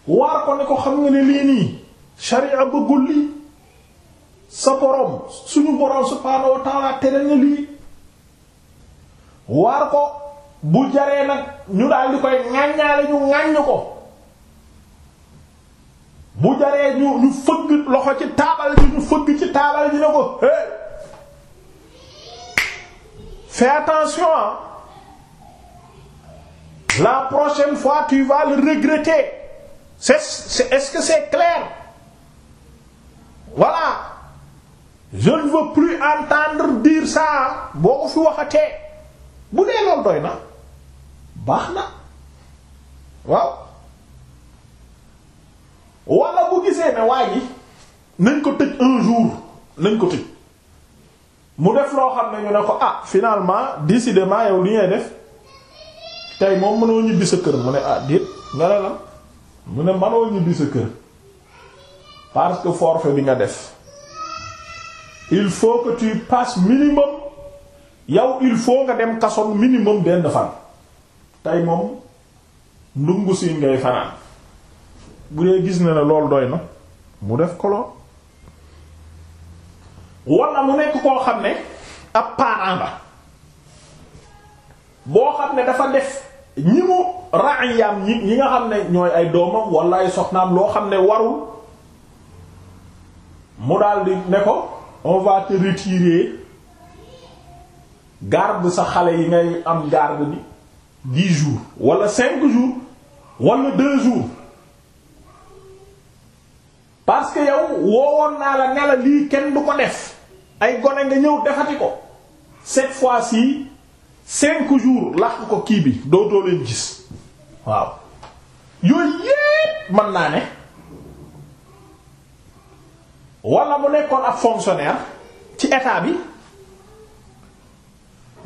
waar ko ne ko xam nga ne lii nii sharia bëggul lii sa borom suñu borom subhaanahu wa ta'ala tere na lii waar ko bu jaree nag ñu daal di koy ŋaññaale ñu ŋaññ ko bu jaree ñu ñu fëgg loxo ci taabal ji ñu fëgg ci taabal ji ne ko hey fais attention la prochaine fois tu vas le regretter c'est c'est c'est clair voilà je veux plus entendre dire ça boo ko fi waxatee bu dee loolu doy na baax na waaw wala bu gisee ne waa nañ ko tëj un jour nañ ko tëj mu def loo xam ne ñu ne ko ah finalement décidément yow li ngay def tey moom mënoo ñibbi sa kër mu ne ah déet nga ne lan mu ne mënoo ñibbi sa kër parce que forfait bi nga def il faut que tu passes minimum yow il faut nga dem kason minimum benn fan tey moom ndungu siin ngay fanaan bu dee gis na ne loolu doy na mu def ko wala mu nekk koo xam ne ab parent la boo xam ne dafa def ñi mu raayam ñi ñi nga xam ne ñooy ay doomam wala ay soxnaam loo xam ne warul mu daal di ne ko on va te retirer garde sa xale yi ngay am garde bi dix jours wala cinq jours wala deux jours parce que yow woowoon naa la ne la lii kenn du ko def ay gone nga ñëw defati ko cette fois-ci cinq jours laq ko kii bi dootoo leen gis waaw yooyu yépp mën naa ne wala mu nekkoon ab fonctionnaire ci état bi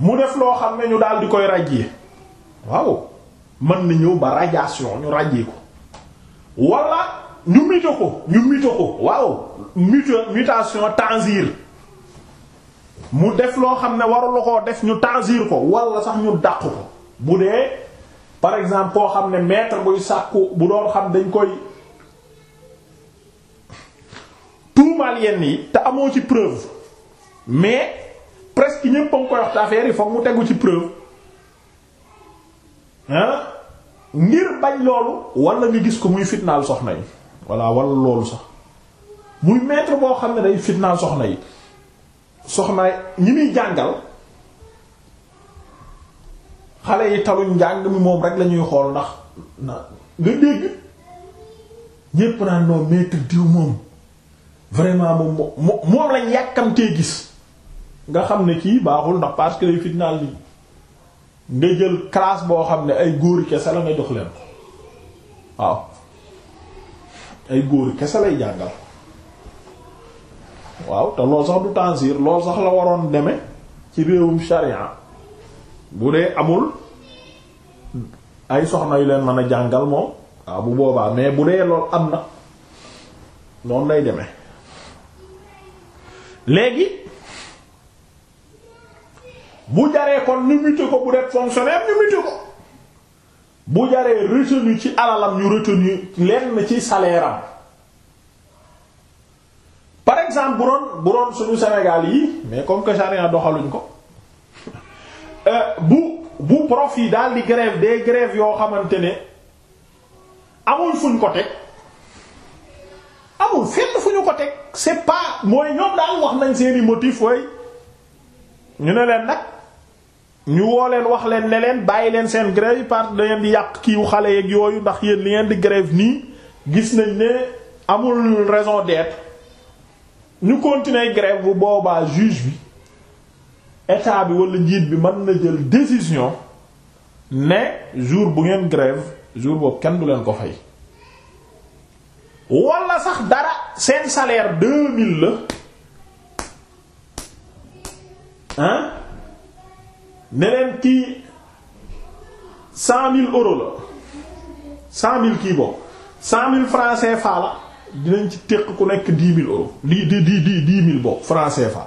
mu def loo xam ne ñu daal di koy rajjee waaw mën na ñëw ba radiation ñu rajjee ko wala ñu mito ko ñu mito ko waaw mutation tanzir mu def loo xam ne warula koo def ñu tanzir ko walla sax ñu dàq ko bu dee par exemple koo xam ne maître buy sàkku bu doon xam dañ koy tuumaal yenn yi te amoo ci preuve mais presque ñépp a ngi koy yi foog mu tegu ci preuve ngir bañ loolu wala nga gis ko muy fitnaal soxna yi walla wala loolu sax muy maître boo xam ne day fitnaal soxna yi soxna ñi muy jàngal xale yi taluñ njàng mi moom rek lañuy xool ndax na nga dégg ñépp naan noonu maître diw moom vraiment moom moom moom lañ yàkkamtee gis nga xam ne kii baaxul ndax parce que lay fitnaal nii nga jël classe boo xam ne ay góori kese la nga jox leen waaw ay góori kese lay jàngal waaw te loolu sax du tansiir loolu sax la waroon deme ci réewum sharia bu dee amul ay soxna yu leen mën a jàngal moom waaw bu boobaa mais bu dee lool am na noonu lay deme léegi bu jaree kon ñu muté ko bu def fonctionnaire ñu muté ko bu jaree retenu ci alalam ñu retenu lenn ci salaire am exemple bu doon suñu Sénégal yi mais comme que charia doxaluñ ko euh, bu bu prof yi daal di grève des grèves yoo xamante ne amul fuñ ko teg amul fenn fu ko teg c'est pas mooy ñoom daal wax nañ seeni motif way ñu ne leen nag ñu woo leen wax leen ne leen bàyyi leen seen grève parce que di yàq kiiw xale yeeg yooyu ndax yéen li ngeen di grève nii gis nañ ne amul raison d'être ñu continuer grève bu boobaa juge bi état bi wala njiit bi mën na jël décision ne jour bu ngeen grève jour boobu kenn du leen ko fay wala sax dara seen salaire deux mille la hein ne leen kii cent mille euros la cent mille kiibo boobu cent mille francs CFA la dinañ ci téq ku nekk dix mille euros lii di di di dix mille bokk francs CFA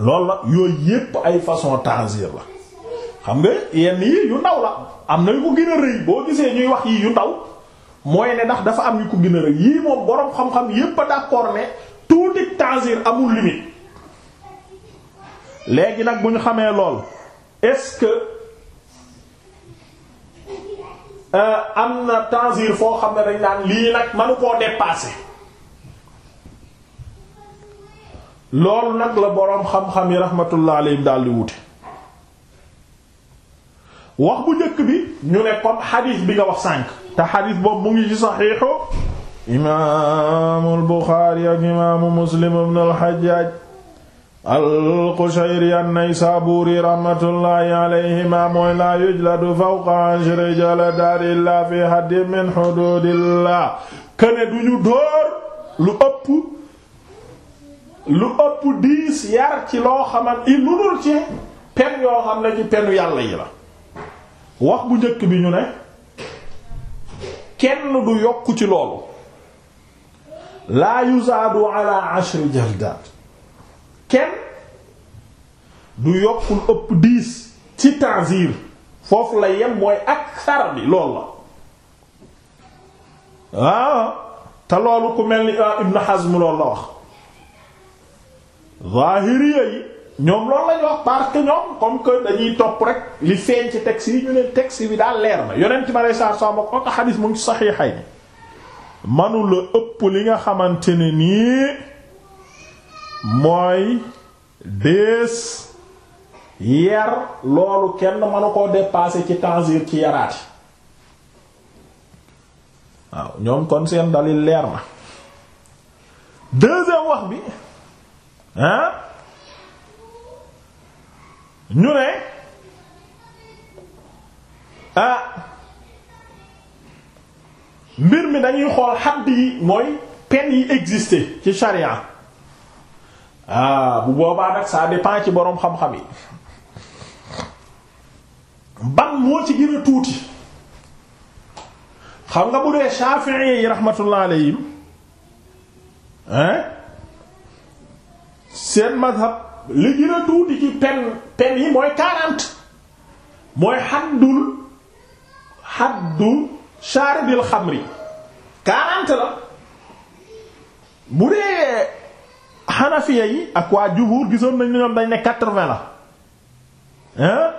loolu la yooyu yépp ay façon tanzir la xam nga yenn yi yu ndaw la am na yu ko gën rëy boo gisee ñuy wax yi yu ndaw mooy ne ndax dafa am yu ko gën a rëy yii moom boroom xam-xam yépp a d'accord ne tuuti tanzir amul limite léegi nag bu ñu xamee lool est Euh, am na tanzir foo xam ne dañ naan lii nag manu koo dépasser loolu nag la boroom xam-xam yi rahmatullah alayhi daal di wute wax bu njëkk bi ñu ne comme xadiis bi nga wax sànq te xadiis boobu mu ngi ci saxiixu imaamu al Buxaari ak imaamu Muslim ibn al al-Qushayri an-Naysaburi rahmatullahi alayhima mooy laa yujladu fawqa ashri jaldaat fi haddin min huduudillah kene duñu dóor lu ëpp lu ëpp diis yar ci loo xaman i lunul ci pen yoo xam ne ci penu yàlla yi la wax bu njëkk bi ñu ne kenn du yokk ci loolu laa yuzaadu ala ashri jaldaat kenn du yokkul ëpp diis ci tanzir foofu la yem mooy ak sar bi loolu la waaw ah, te loolu ku mel ni ah, Ibn Hazm loolu la wax zahiriya yi ñoom loolu lañ wax parce que ñoom comme que dañuy topp rek li feeñ ci texte yi ñu ne texte bi daal leer na yonent ma lay saa soxna ko xadiis mu ngi saxiixay ni manula ëpp li nga xamante ne nii mooy bées yar loolu kenn mënu koo dépasser ci tanzir ci yaraati waaw ñoom kon seen dalil leer na deuxième wax bi hein ñu ne ah mbir mi dañuy xool xadd yi mooy peine yi exister ci sharia ah bu boobaa nag ça dépend ci boroom xam-xam yi ban moo ci gën tuuti xam nga bu dee Shafi'i yi rahmatullah alayhim hein seen mazhab li gën a tuuti ci pen pen yi mooy quarante mooy xaddul xaddul shaaribil xamri quarante la bu dee xanafiya yi ak waa jumhur gisoon nañ ñoom dañ ne quatre-vingts la hein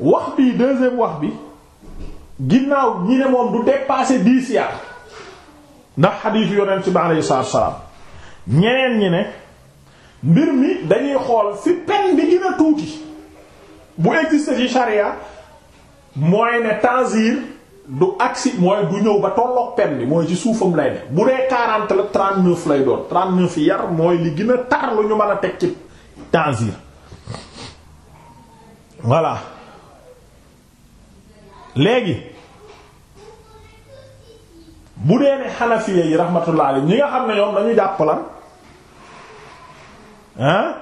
wax bi deuxième wax bi ginnaaw ñi ne moom du dépasser dix yar ndax xadiisu yonent bi alayhi salaatu wa salaam ñeneen ñi ne mbir mi dañuy xool fi peine bi gën a tuuti bu existe ci charia mooy ne tanzir du agsi mooy du ñëw ba tolloog pen bi mooy ci suufam lay ne bu dee 40 la 39 lay doon 39 yar mooy li gën a tar lu ñu man a teg ci tanzir voilà léegi bu dee ne xanafiya yi rahmatullah alayhi ñi nga xam ne ñoom dañu jàpp lan hein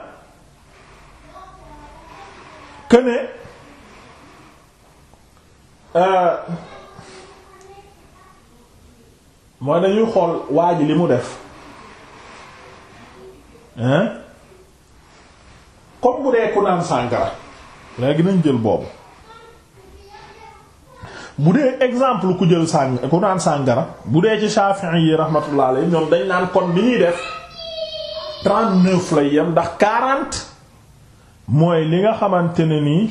que euh, mooy dañuy xool waa ji li mu def hein comme bu dee ku naan sàngara léegi nañ jël boobu bu dee exemple ku jël sàng ku naan sàngara bu dee ci Shafi'i yi rahmatullah alayhi ñoom dañ naan kon bi ñuy def trente-neuf lay yem ndax quarante mooy li nga xamante ne nii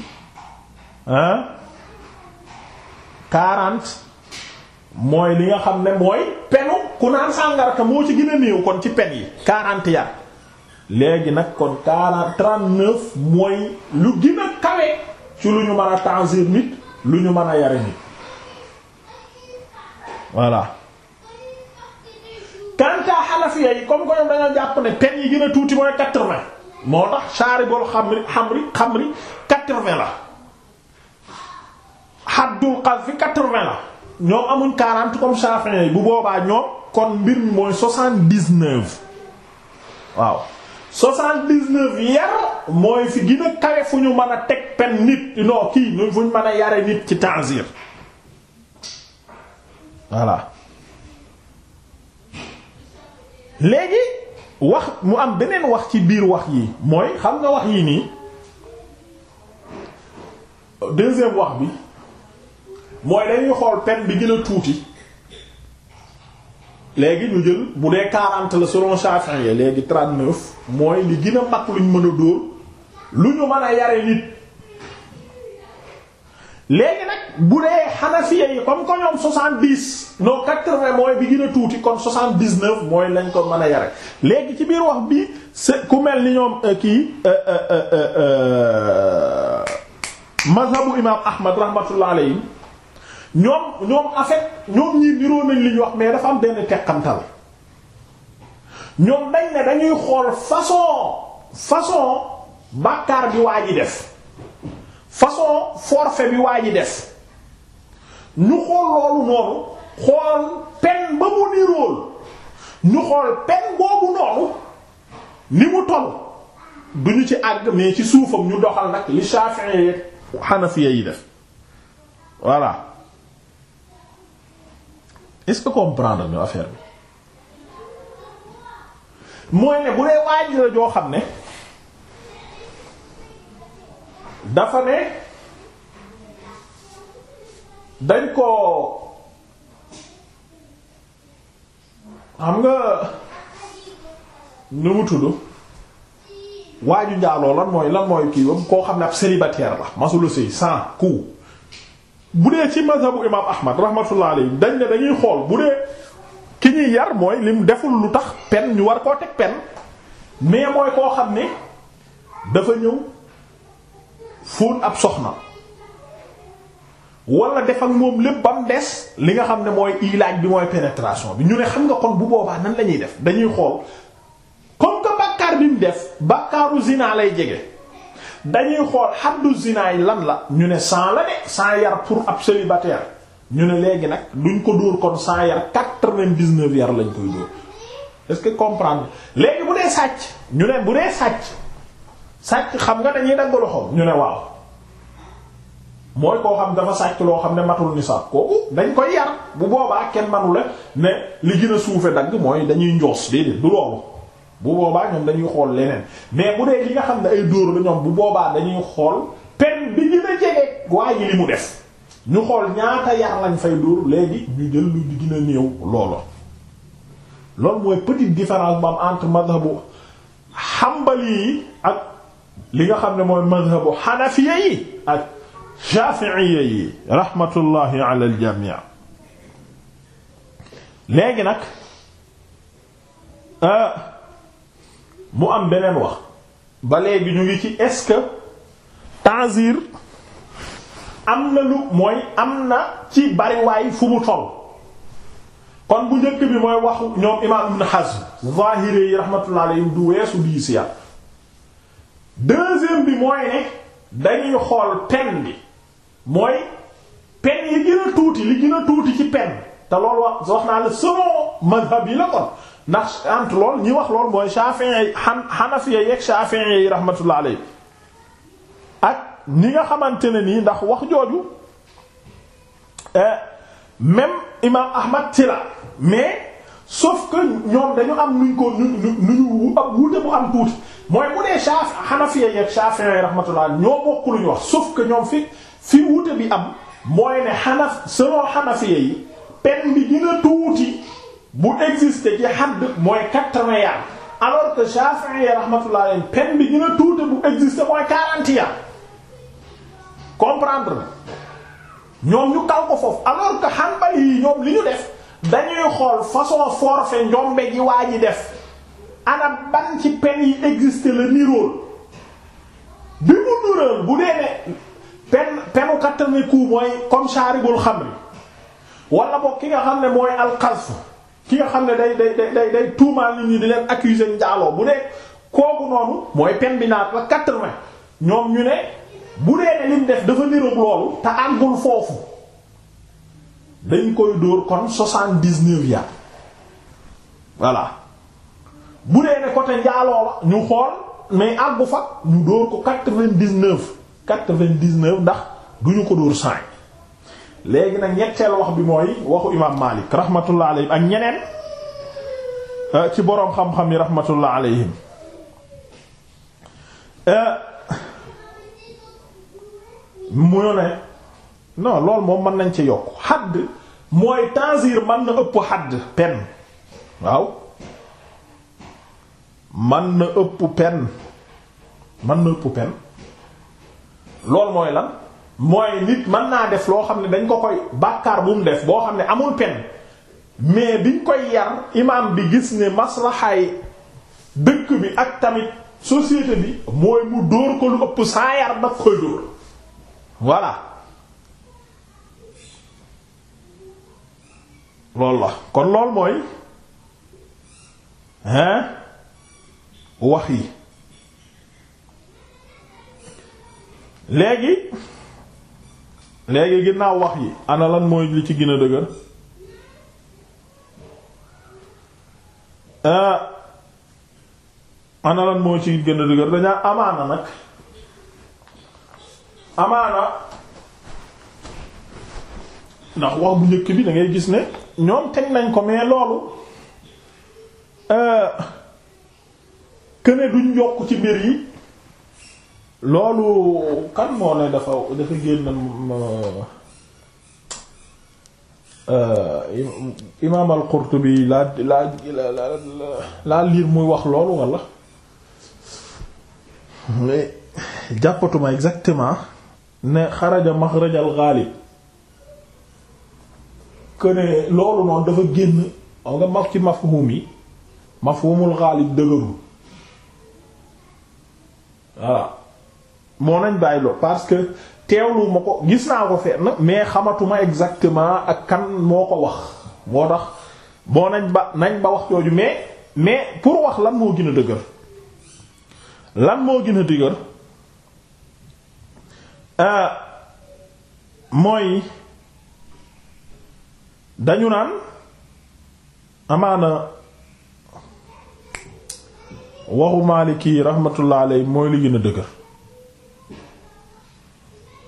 hein mooy li nga xam ne mooy penu ku naan sàngara moo ci gën a néew kon ci pen yi quarante yar léegi nag kon quarante trente-neuf mooy lu gën kawe ci lu ñu mën a tanzir nit lu ñu mën a yare nit voilà kantaa xanafiya yi comme ko ñoom dañoo jàpp ne pen yi gën tuuti mooy quatre-vingts moo tax shaaribul xamri xam xamri quatre-vingts la haddul qadfi quatre-vingts la ñoom amuñ 40 comme Shafi'i bu boobaa ñoo kon mbir mi mooy 79 waaw 79 yar mooy fi gën a fu ñu mën a teg pen nit non kii ñun fu ñu mën a yara nit ci tanzir voilà léegi wax mu am beneen wax ci biir wax yi mooy xam nga wax yi nii deuxième wax bi. mooy dañuy xool peine bi gën a tuuti léegi ñu jël bu dee quarante la selon Shafi'i léegi trente-neuf mooy li gën a mag luñ mën a dóor lu ñu mën a yare nit léegi nag bu dee Hanafiya yi comme ko ñoom soixante-dix non quatre-vingts bi gën a tuuti kon soixante-dix-neuf mooy lañ ko mën a yare léegi ci biir wax bi c'est ku mel ni ñoom euh, kii euh, euh, mazhabu imam Ahmad rahmatullah alayhi ñoom ñoom en fait ñoom ñii niroo nañ ñu wax mais dafa am benn teqantal ñoom dañ ne dañuy xool façon façon bàkkaar bi waa ji def façon forfait bi waa ji def ñu xool loolu noonu xool pen ba mu nirool ñu xool pen boobu noonu ni mu toll duñu ci àgg mais ci suufam ñu doxal nag li Shafi'i yi def voilà est-ce que comprendre nga affaire bi mooy ne bu dee waaj la joo xam ne dafa ne dañ ko xam nga nu mu tudd waaju njaaloo lan mooy lan mooy kii bam koo xam ne ab célibataire la masula sëy sans coup bu dee ci mazhabu imam ahmad rahmatullah alayhi dañ ne dañuy xool bu dee ki ñuy yar mooy li mu deful lu tax pen ñu war koo teg pen mais mooy koo xam ne dafa ñëw fóon ab soxna wala def ak moom lépp ba mu des li nga xam ne mooy ilaaj bi mooy pénétration bi ñu ne xam nga kon bu boobaa nan la ñuy def dañuy xool comme que bàkkaar bi mu def bàkkaaru zina lay jege dañuy xool xaddu zinaa yi lan la ñu ne cent la de cent yar pour ab célibataire ñu ne léegi nag duñ ko dóor kon cent yar quatre-vingt-dix-neuf yar lañ koy dóor est-ce que comprendre léegi bu dee sàcc ñu ne bu dee sàcc sàcc xam nga dañuy dagg loxo ñu ne waaw mooy koo xam dafa sàcc loo xam ne matul nisaab kooku dañ koy yar bu ak kenn manu la ne li gën a suufe dagg mooy dañuy njoos déedéet du loolu bu boobaa ñoom dañuy xool leneen mais bu dee li nga xam ne ay dóor la ñoom bu boobaa dañuy xool peine bi gën a jege waa li mu def ñu xool ñaata yar lañ fay dóor léegi ñu jël lu di gën a néew loolu loolu mooy petite différence bu am entre madhabu hanbali yi ak li nga xam ne mooy madhabu hanafiya yi ak shafi'iyya yi rahmatullahi ala al jami' léegi nag euh, mu am beneen wax bale bi ñu ngi ci est-ce que am na lu mooy am na ci bariwaay fu mu toll kon bu njëkk bi mooy waxu ñoom imaam Ibn Hazm zahiri yi rahmatullah alayhim du weesu diis ya deuxième bi mooy ne dañuy xool peine bi mooy peine yi gën tuuti li gën tuuti ci peine te loolu wax wax naa la selon mazhab yi la kon ndax entre lool ñi wax lool mooy Shafi'i Hanafiya yeeg Shafi'i yi rahmatullah alayhi ak ñi nga xamante ne nii ndax wax jooju eh, même imam Ahmad ci la mais sauf que ñoom dañu am nuñ ko nu ñu ab wuute bu am tuuti mooy bu dee Shafi Hanafiya yeeg Shafi'i rahmatullah ñoo bokk lu ñu wax sauf que ñoom fi fi wuute bi am mooy ne Hanaf selon Hanafiya yi peine bi dina tuuti. bu existé ci hadd mooy quatre-vingts yards alors que Shafi'i rahmatullah alayhi peine bi gën a tuuti bu existé mooy quarante yards comprendre ñoom ñu kaw ko foofu alors que Hanbali yi ñoom li ñu def dañuy xool façon forfait njombe gi waa ji def ana ban ci peine yi existé la nirool bi mu nirool bu dee ne peine peine quatre-vingts mooy comme sharibul xamri wala boog ki nga xam ne mooy alxasf ki nga xam ne day day day day tuumaal nit ñi di leen accuser njaaloo bu dee kooku noonu mooy pen bi naat la quatre-vingts ñoom ñu ne bu dee ne lim def dafa niroog loolu te àggul foofu dañ koy dóor kon soixante-dix-neuf ya voilà bu dee ne côté njaaloo la ñu xool mais àggu fa ñu dóor ko quatre-vingt-dix-neuf quatre-vingt-dix-neuf ndax duñu ko dóor cent léegi nag ñetteel wax bi mooy waxu imaam Maalik rahmatullah alayhi ak ñeneen eh, ci boroom xam-xam yi rahmatullah alayhim eh, mu ne non loolu moom mën nañ ci yokk xadd mooy tanzir mën na ëpp xadd pen waaw mën na ëpp pen mën na ëpp pen loolu mooy lan mooy nit mën naa def loo xam ne dañ ko koy bàkkaar bu mu def boo xam ne amul pen mais biñ koy yar imam bi gis ne maslahaay dëkk bi ak tamit société bi mooy mu dóor ko lu ëpp saa yar daf koy dóor voilà loolu la kon lool mooy hein wax yi léegi léegi ginnaaw wax yi ana lan mooy li ci gën a dëgër euh, ana lan moo ci gën a dëgër dañaa amaana nag amaana ndax wax bu njëkk bi da ngay gis ne ñoom teg nañ ko mais loolu euh, que duñ yokk ci mbir yi loolu kan moo ne dafa dafa génn euh, imaam al bi laa laa laa liir muy wax loolu walla mais jàppatuma exactement ne xaraja maxraja al-ghalib loolu noonu dafa génn xam nga maf ci mafhum yi mafhumul ghalib dëgëru voilà moo nañ bàyyi loo parce que teewlu ma ko gis naa ko fenn mais xamatuma exactement ak kan moo ko wax moo tax moo nañ ba nañ ba wax jooju mais mais pour wax lan moo gën a dëgër moo gën a dëgër euh, mooy dañu naan amaana waxu Maliki rahmatullah alayhi mooy li gën a dëgër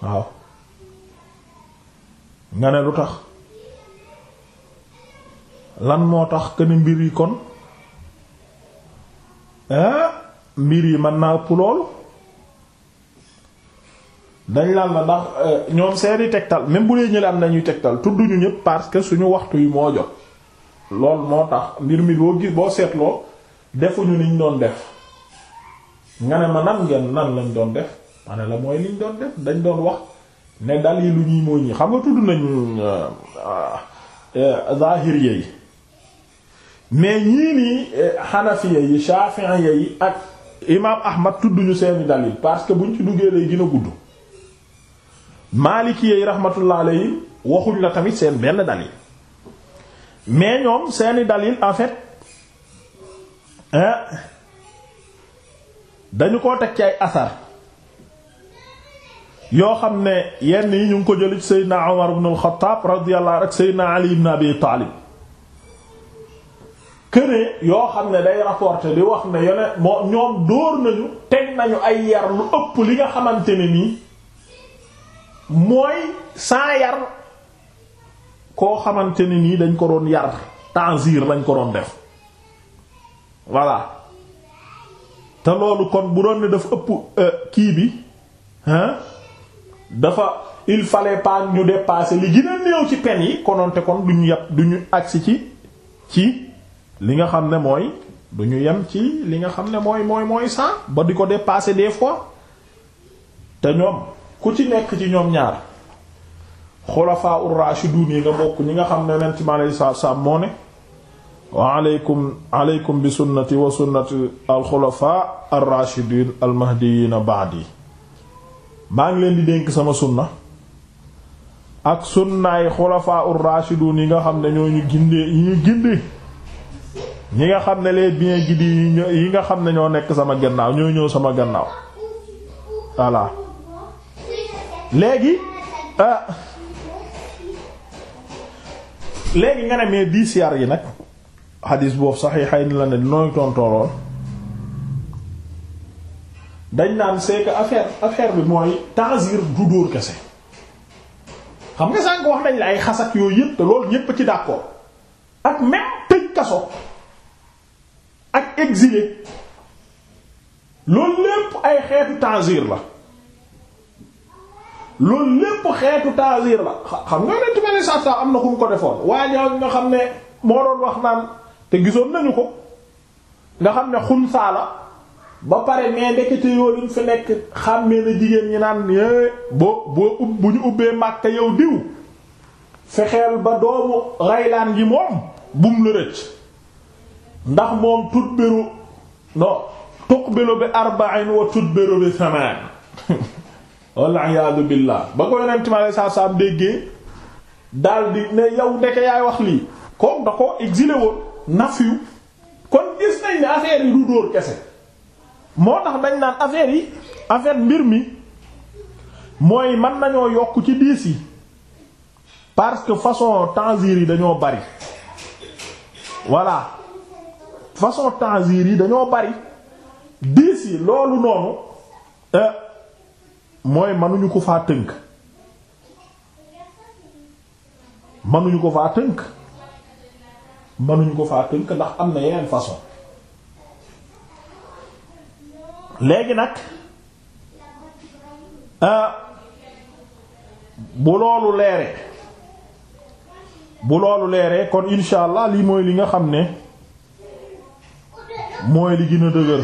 waaw nga ne lu tax lan moo tax que ni mbir yi kon ah mbir yi mën naa ëpp loolu dañ lan la ndax euh, ñoom seeni tegtal même bu dee ñële am nañuy tegtal tudduñu ñëpp parce que suñu waxtu yi moo jot lool moo tax mbir mi boo gis boo seetloo defuñu niñ doon def nga ne ma nan ngeen nan lañ doon def ma ne la mooy liñ doon def dañ doon wax ne dal yi lu ñuy xam nga tudd nañu euh, euh, zahiriya yi mais ñii nii xanafiya euh, yi shafi'iya yi ak imam ahmad tudd ñu seeni dalil parce que buñ ci duggee lay gën a gudd maalikiya yi rahmatullah alayhi waxuñ la tamit seen benn dalil mais ñoom seeni dalil en fait dañu koo teg ci ay asar yoo xam ne yenn yi ñu ko jëli ci Seydina Omar ibn al-Khattab rek ak Seydina Ali ibn Abi Talib këne yoo xam ne day rapporté di wax ne yone moo ñoom dóor nañu teg nañu ay yar lu ëpp li nga xamante ne nii mooy sans yar koo xamante ni nii dañ ko doon yar tanzir lañ ko doon def voilà te loolu kon bu doon ne dafa ëpp euh, kii bi dafa il fallait pas ñu dépasser li gën a ci peine yi kononte kon du ñu yàpp du ñu agsi ci ci li nga xam ne mooy du ñu yem ci li nga xam ne mooy mooy mooy cent ba di ko dépasser des fois te ñoom ku ci nekk ci ñoom ñaar xulafaa ur-rashidun yi nga bokk ñi nga xam ne yonent mi alayhi salaatu salaam moo ne wa aleykum aleykum bi sunnati wa sunnati al-xulafaa ar-rashidin al-mahdiyyin ba'di maa ngi leen di dénk sama sunna ak sunnaay xulafaa ur rashidun yi nga xam ne ñoo ñu gindee yi ñu gindi ñi nga xam ne les bien guidés yi nga xam ne ñoo nekk sama gannaaw ñoo ñëw sama gannaaw voilà léegi ah léegi nga ne mais di yi nag xadiis boobu saxiixay ni la ne nooy tontooloon dañ naan c'est que affaire affaire bi mooy tazir du dóor kese xam nga ko wax nañ la ay xasak yooyu yëpp te loolu ñépp ci d'accord ak même tëj kaso ak exilé loolu lépp ay xeetu tazir la loolu lépp xeetu tazir la xam nga ne tuma ne sax am na ku mu ko defoon waaye nga xam ne moo doon wax naan te gisoon nañu ko nga xam ne xunsaala ba pare mais ndekete yoo liñ fi nekk xàmmee na jigéen ñi naan boo boo ub bu ñu ubbee Makka yow diw fexeel ba doomu Raylaan gi moom bum la rëcc ndax moom tudbiru no tuqbilu bi arba'in wa tudbiru bi thaman walla iyaadu billaah ba ko yonent mi alayhi salaam déggee daldi ne yow ndeke yaay wax lii kook da ko exilé woon nafiw kon gis nañ ne affaire yi du dóor kese moo tax dañ naan affaire yi affaire mbir mi mooy mën nañoo yokk ci diis yi parce que façon tanzir yi dañoo bari voilà façon tanzir yi dañoo bari diis yi loolu noonu euh, mooy mënuñu ko faa tënk mënuñu ko faa tënk mënuñu ko faa tënk ndax am na yeneen façon léegi nag ah, bu loolu leeree bu loolu leere kon insha allah lii mooy li nga xam ne mooy li gën a dëgër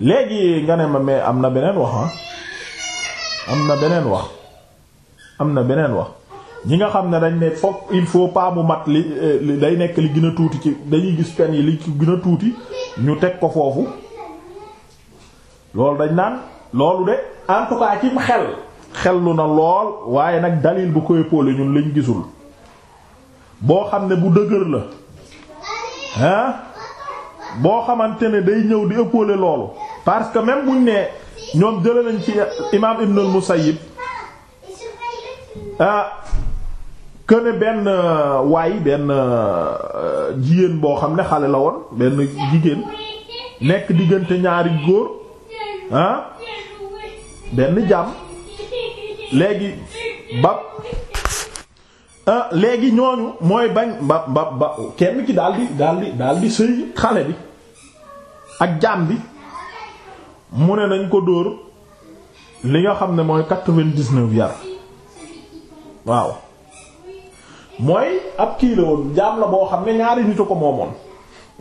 léegi nga ne ma mais am na beneen wax ah? am na beneen wax am na beneen wax ñi nga xam ne dañ ne fokk il faut pas mu mat euh, li day nekk li gën a tuuti ci dañuy gis pen yi li gën a tuuti ñu teg ko foofu loolu dañ naan loolu de en tout xel xellu na lool waaye nag dalil bu koy épaulé ñun lañ gisul boo xam ne bu dëgër la hein boo xamante ne day ñëw di épaulé loolu parce que même buñ ne ñoom jëlee nañ ci imaam Ibn al-Musayyib ah que ne benn euh, waay benn euh, jigéen boo xam ne xale la woon benn jigéen nekk diggante ñaari góor ah benn jàmm léegi ba ah léegi ñooñu mooy bañ ba ba ba kenn ki daal di daal sëy xale bi ak jàmm bi mu ne nañ ko dóor li nga xam ne mooy quatre-vingt-dix-neuf yar waaw. mooy ab kii la woon jaam la boo xam ne ñaari nit a ko moomoon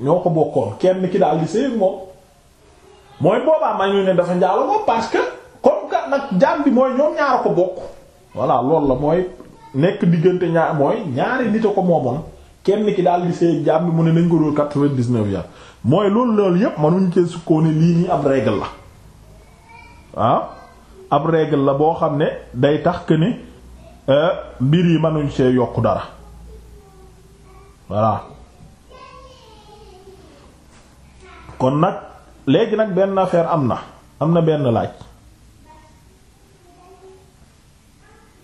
ñoo ko bokkoon kenn ki daal di sëy moom mooy boobaa ma ñu ne dafa njaalo moom parce que comme que nag jaam bi mooy ñoom ñaar a ko bokk voilà loolu la mooy nekk diggante ñaar mooy ñaari nit a ko moomoon kenn ki daal di sëy jaam bi mu ne nañ ko dóor quatre-vingt-dix-neuf mooy loolu loolu yépp mënuñ cee sukkoo ne lii nii ab règle la waaw ah ab règle la boo xam ne day tax que Eh, mbir yi mënuñ see yokk dara voilà kon nag léegi nag benn affaire am na am na benn laaj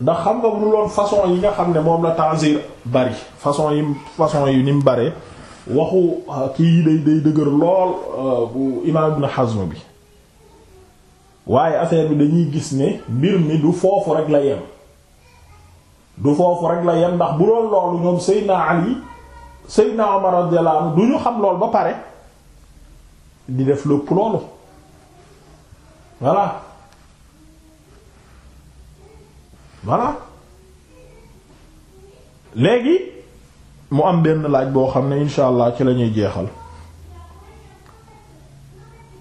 ndax xam nga bu loon façon yi nga xam ne moom la tanzir bari façon yi façon yi ni mu bare waxu ah, kii day day dëgër lool ah, bu imaam Ibn Hazm bi waaye affaire bi dañuy gis ne mbir mi du foofu rek la yem du foofu rek la yem ndax bu loolu ñoom Seydina Ali Seydina Omar radiyallahu du ñu xam lool ba pare di def lépp loolu voilà voilà léegi mu am benn laaj boo xam ne insha allah ci lañuy jeexal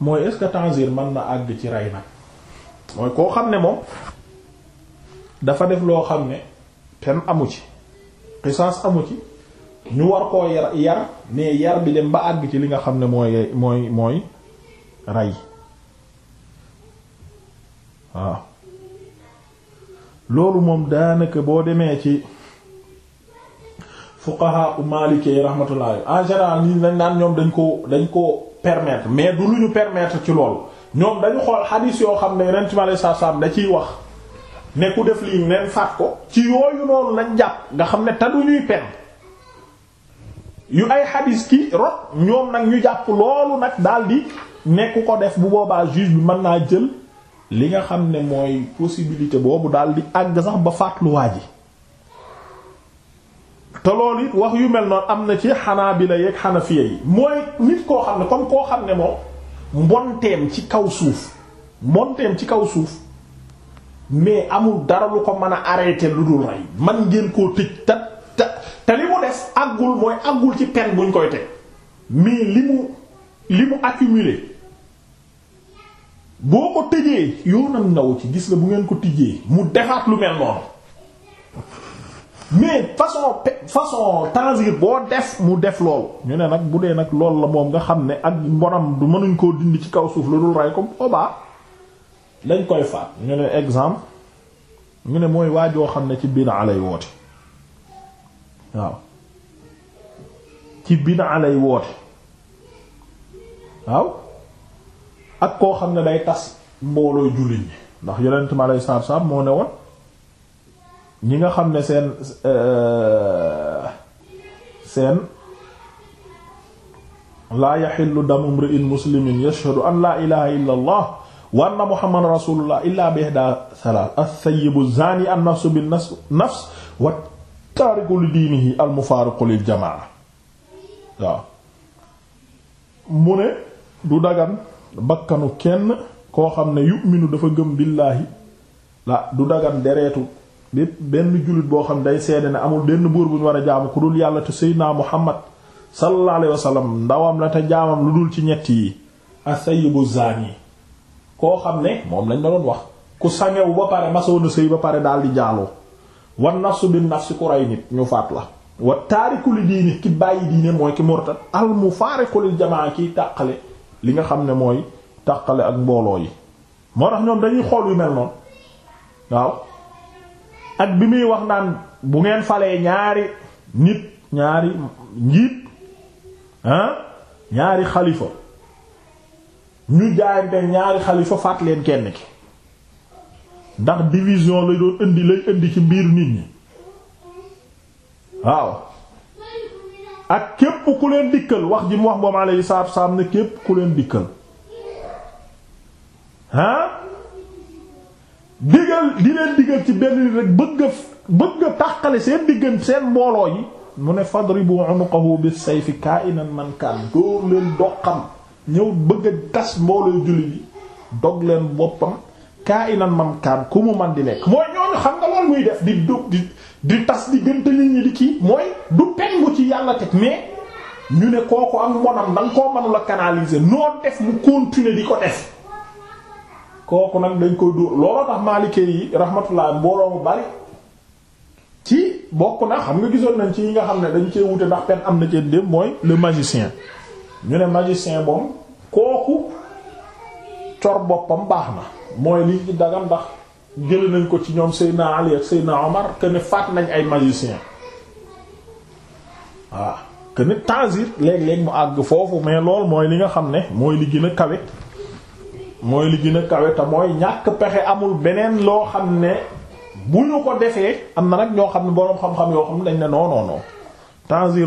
mooy est-ce que tanzir mën na àgg ci rey na mooy koo xam ne moom dafa def loo xam ne pen amu ci xisaas ci ñu war koo yar yar mais yar bi dem ba àgg ci li nga xam ne mooy mooy mooy rey waaw loolu moom daanaka boo demee ci fuqaha u maalikee rahmatullah en général nii dañ naan ñoom dañ ko dañ ko permettre mais du lu ñu permettre ci loolu ñoom dañu xool xadiis yoo xam ne Yonent mi sallallahu alayhi wasallam da ciy wax ne ku def lii même faat ko ci yooyu noonu lañ jàpp nga xam ne te du ñuy pen yu ay xadis ki rot ñoom nag ñu jàpp loolu nag daldi nekku ko def bu boobaa juge bi mën naa jël li nga xam ne mooy possibilité boobu daldi àgg sax ba faatluwaa ji te loolu it wax yu mel noonu am na ci xanaabila yeeg xanafiya yi mooy nit koo xam ne kon koo xam ne moom mbonteem ci kaw suuf mbonteem ci kaw suuf mais amul dara lu ko mën a arrêté lu dul rey man ngeen koo tëj ta ta te li mu def àggul mooy àggul ci peine buñ koy teg mais li mu li mu accumulé boo ko tëjee yoonam naw ci gis nga bu ngeen ko tijjee mu defaat lu mel noonu mais façon façon tanzir boo def mu def loolu ñu ne nag bu dee nag loolu la moom nga xam ne ak mbonam du mënuñ koo dindi ci kaw suuf lu dul rey ko boobaa dañ koy faat ñu ne exemple ñu ne mooy waajoo xam ne ci bid'a lay woote waaw ci bid'a lay woote waaw ak koo xam ne day tas mbooloo jullit ñi ndax yonent ma lay saab saab moo ne woon ñi nga xam ne seen euh, seen laa yaxillu damu imri'in muslimin yashhadu an laa ilaha illa allah wa anna muhammadan rasulullah illa bi ihda thalath as-sayyibu az-zani an-nafsu bin-nafs wa taariku li diinihi al-mufaariqu lil jamaa waaw mu ne du dagan bakkanu kenn koo xam ne yu'minu dafa gëm billaahi la du dagan dereetu bépp benn jullit boo xam day seede ne amul benn buur bu ñu war a jaamu ku dul yàlla te seydinaa muhammad sallallahu alayhi wa sallam ndawam la te jaamam lu dul ci ñetti yi as-sayyibu zaani koo xam ne moom lañ la doon wax ku sangewu ba pare masoon a sëy ba pare daal di jaaloo wan nafsu bin nafsi ku rey nit ñu faat la wa taariku li diine ki bàyyi diine mooy ki murtad al mufaariqu lil jamaa kiy tàqale li nga xam ne mooy tàqale ak mbooloo yi moo tax ñoom dañuy xool yu mel noonu waaw ak bi muy wax naan bu ngeen falee ñaari nit ñaari njiit ah ñaari xalifa ñu jaayante ñaari xalifa faat leen kenn ki ndax division lay doon indi lay indi ci mbiir nit ñi waaw ak képp ku leen dikkal wax ji mu wax moom yi salaatu wassalaam ne képp ku leen dikkal ah digal di leen digal ci benn nit rek bëgg a bëgg a tàqale seen diggan seen mbooloo yi mu ne fadribu unuqahu bis sayfi kaa'inan man kaan dóor leen doqam ñëw bëgg a tas mbooloo julli bi dog leen boppam kaa inan man kaan ku mu man di nekk mooy ñooñu xam nga loolu muy def di dug di di tas di gënte nit ñi di kii mooy du pengu ci yàlla teg mais ñu ne kooku ak monam danga koo mënula canaliser noo def mu continuer di ko def kooku nag dañ koy dóor looloo tax maalikee yi rahmatullah mbooloo mu bari ci bokk na xam nga gisoon nañ ci yi nga xam ne dañu cee wute ndax pen am na ci dem mooy le magisien ñu ne magicien boom kooku cor boppam baax na mooy li ci ndax jël nañ ko ci ñoom Seydina Ali ak Seydina Omar que ne faat nañ ay magicien waaw que ne tazir léeg-léeg mu àgg foofu mais lool mooy li nga xam ne mooy li gën a kawe mooy li gën mooy ñàkk pexe amul beneen loo xam ne bu ñu ko defee am na nag ñoo xam ne boroom xam-xam yoo xam ne dañ ne non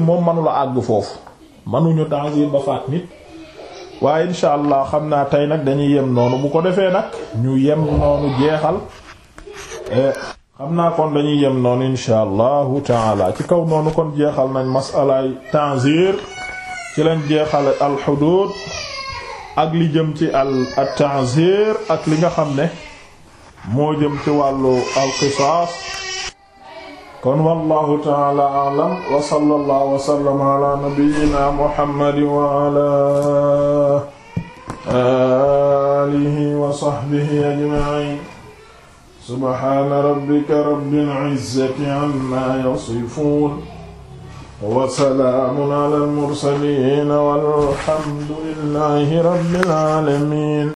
moom mënula àgg foofu manuñu tanzir ba faat nit waaye insha allah xam naa tey nag dañuy yem noonu bu ko defee nag ñu yem noonu jeexal e, xam naa kon dañuy yem noonu insha allahu taala ci kaw noonu kon jeexal nañ masalaay tanzir ci lañ jeexal al ak li jëm ci al tanzir ak li nga xam ne moo jëm ci wàllu al qisaas kon wallahu taala a'lam wa sallallahu wa sallama ala nabiyyina muhammadin wa ala alihi wa sahbihi ajma'in subhana rabbika rabbil izzati amma yasifun وسلام على المرسلين والحمد لله رب العالمين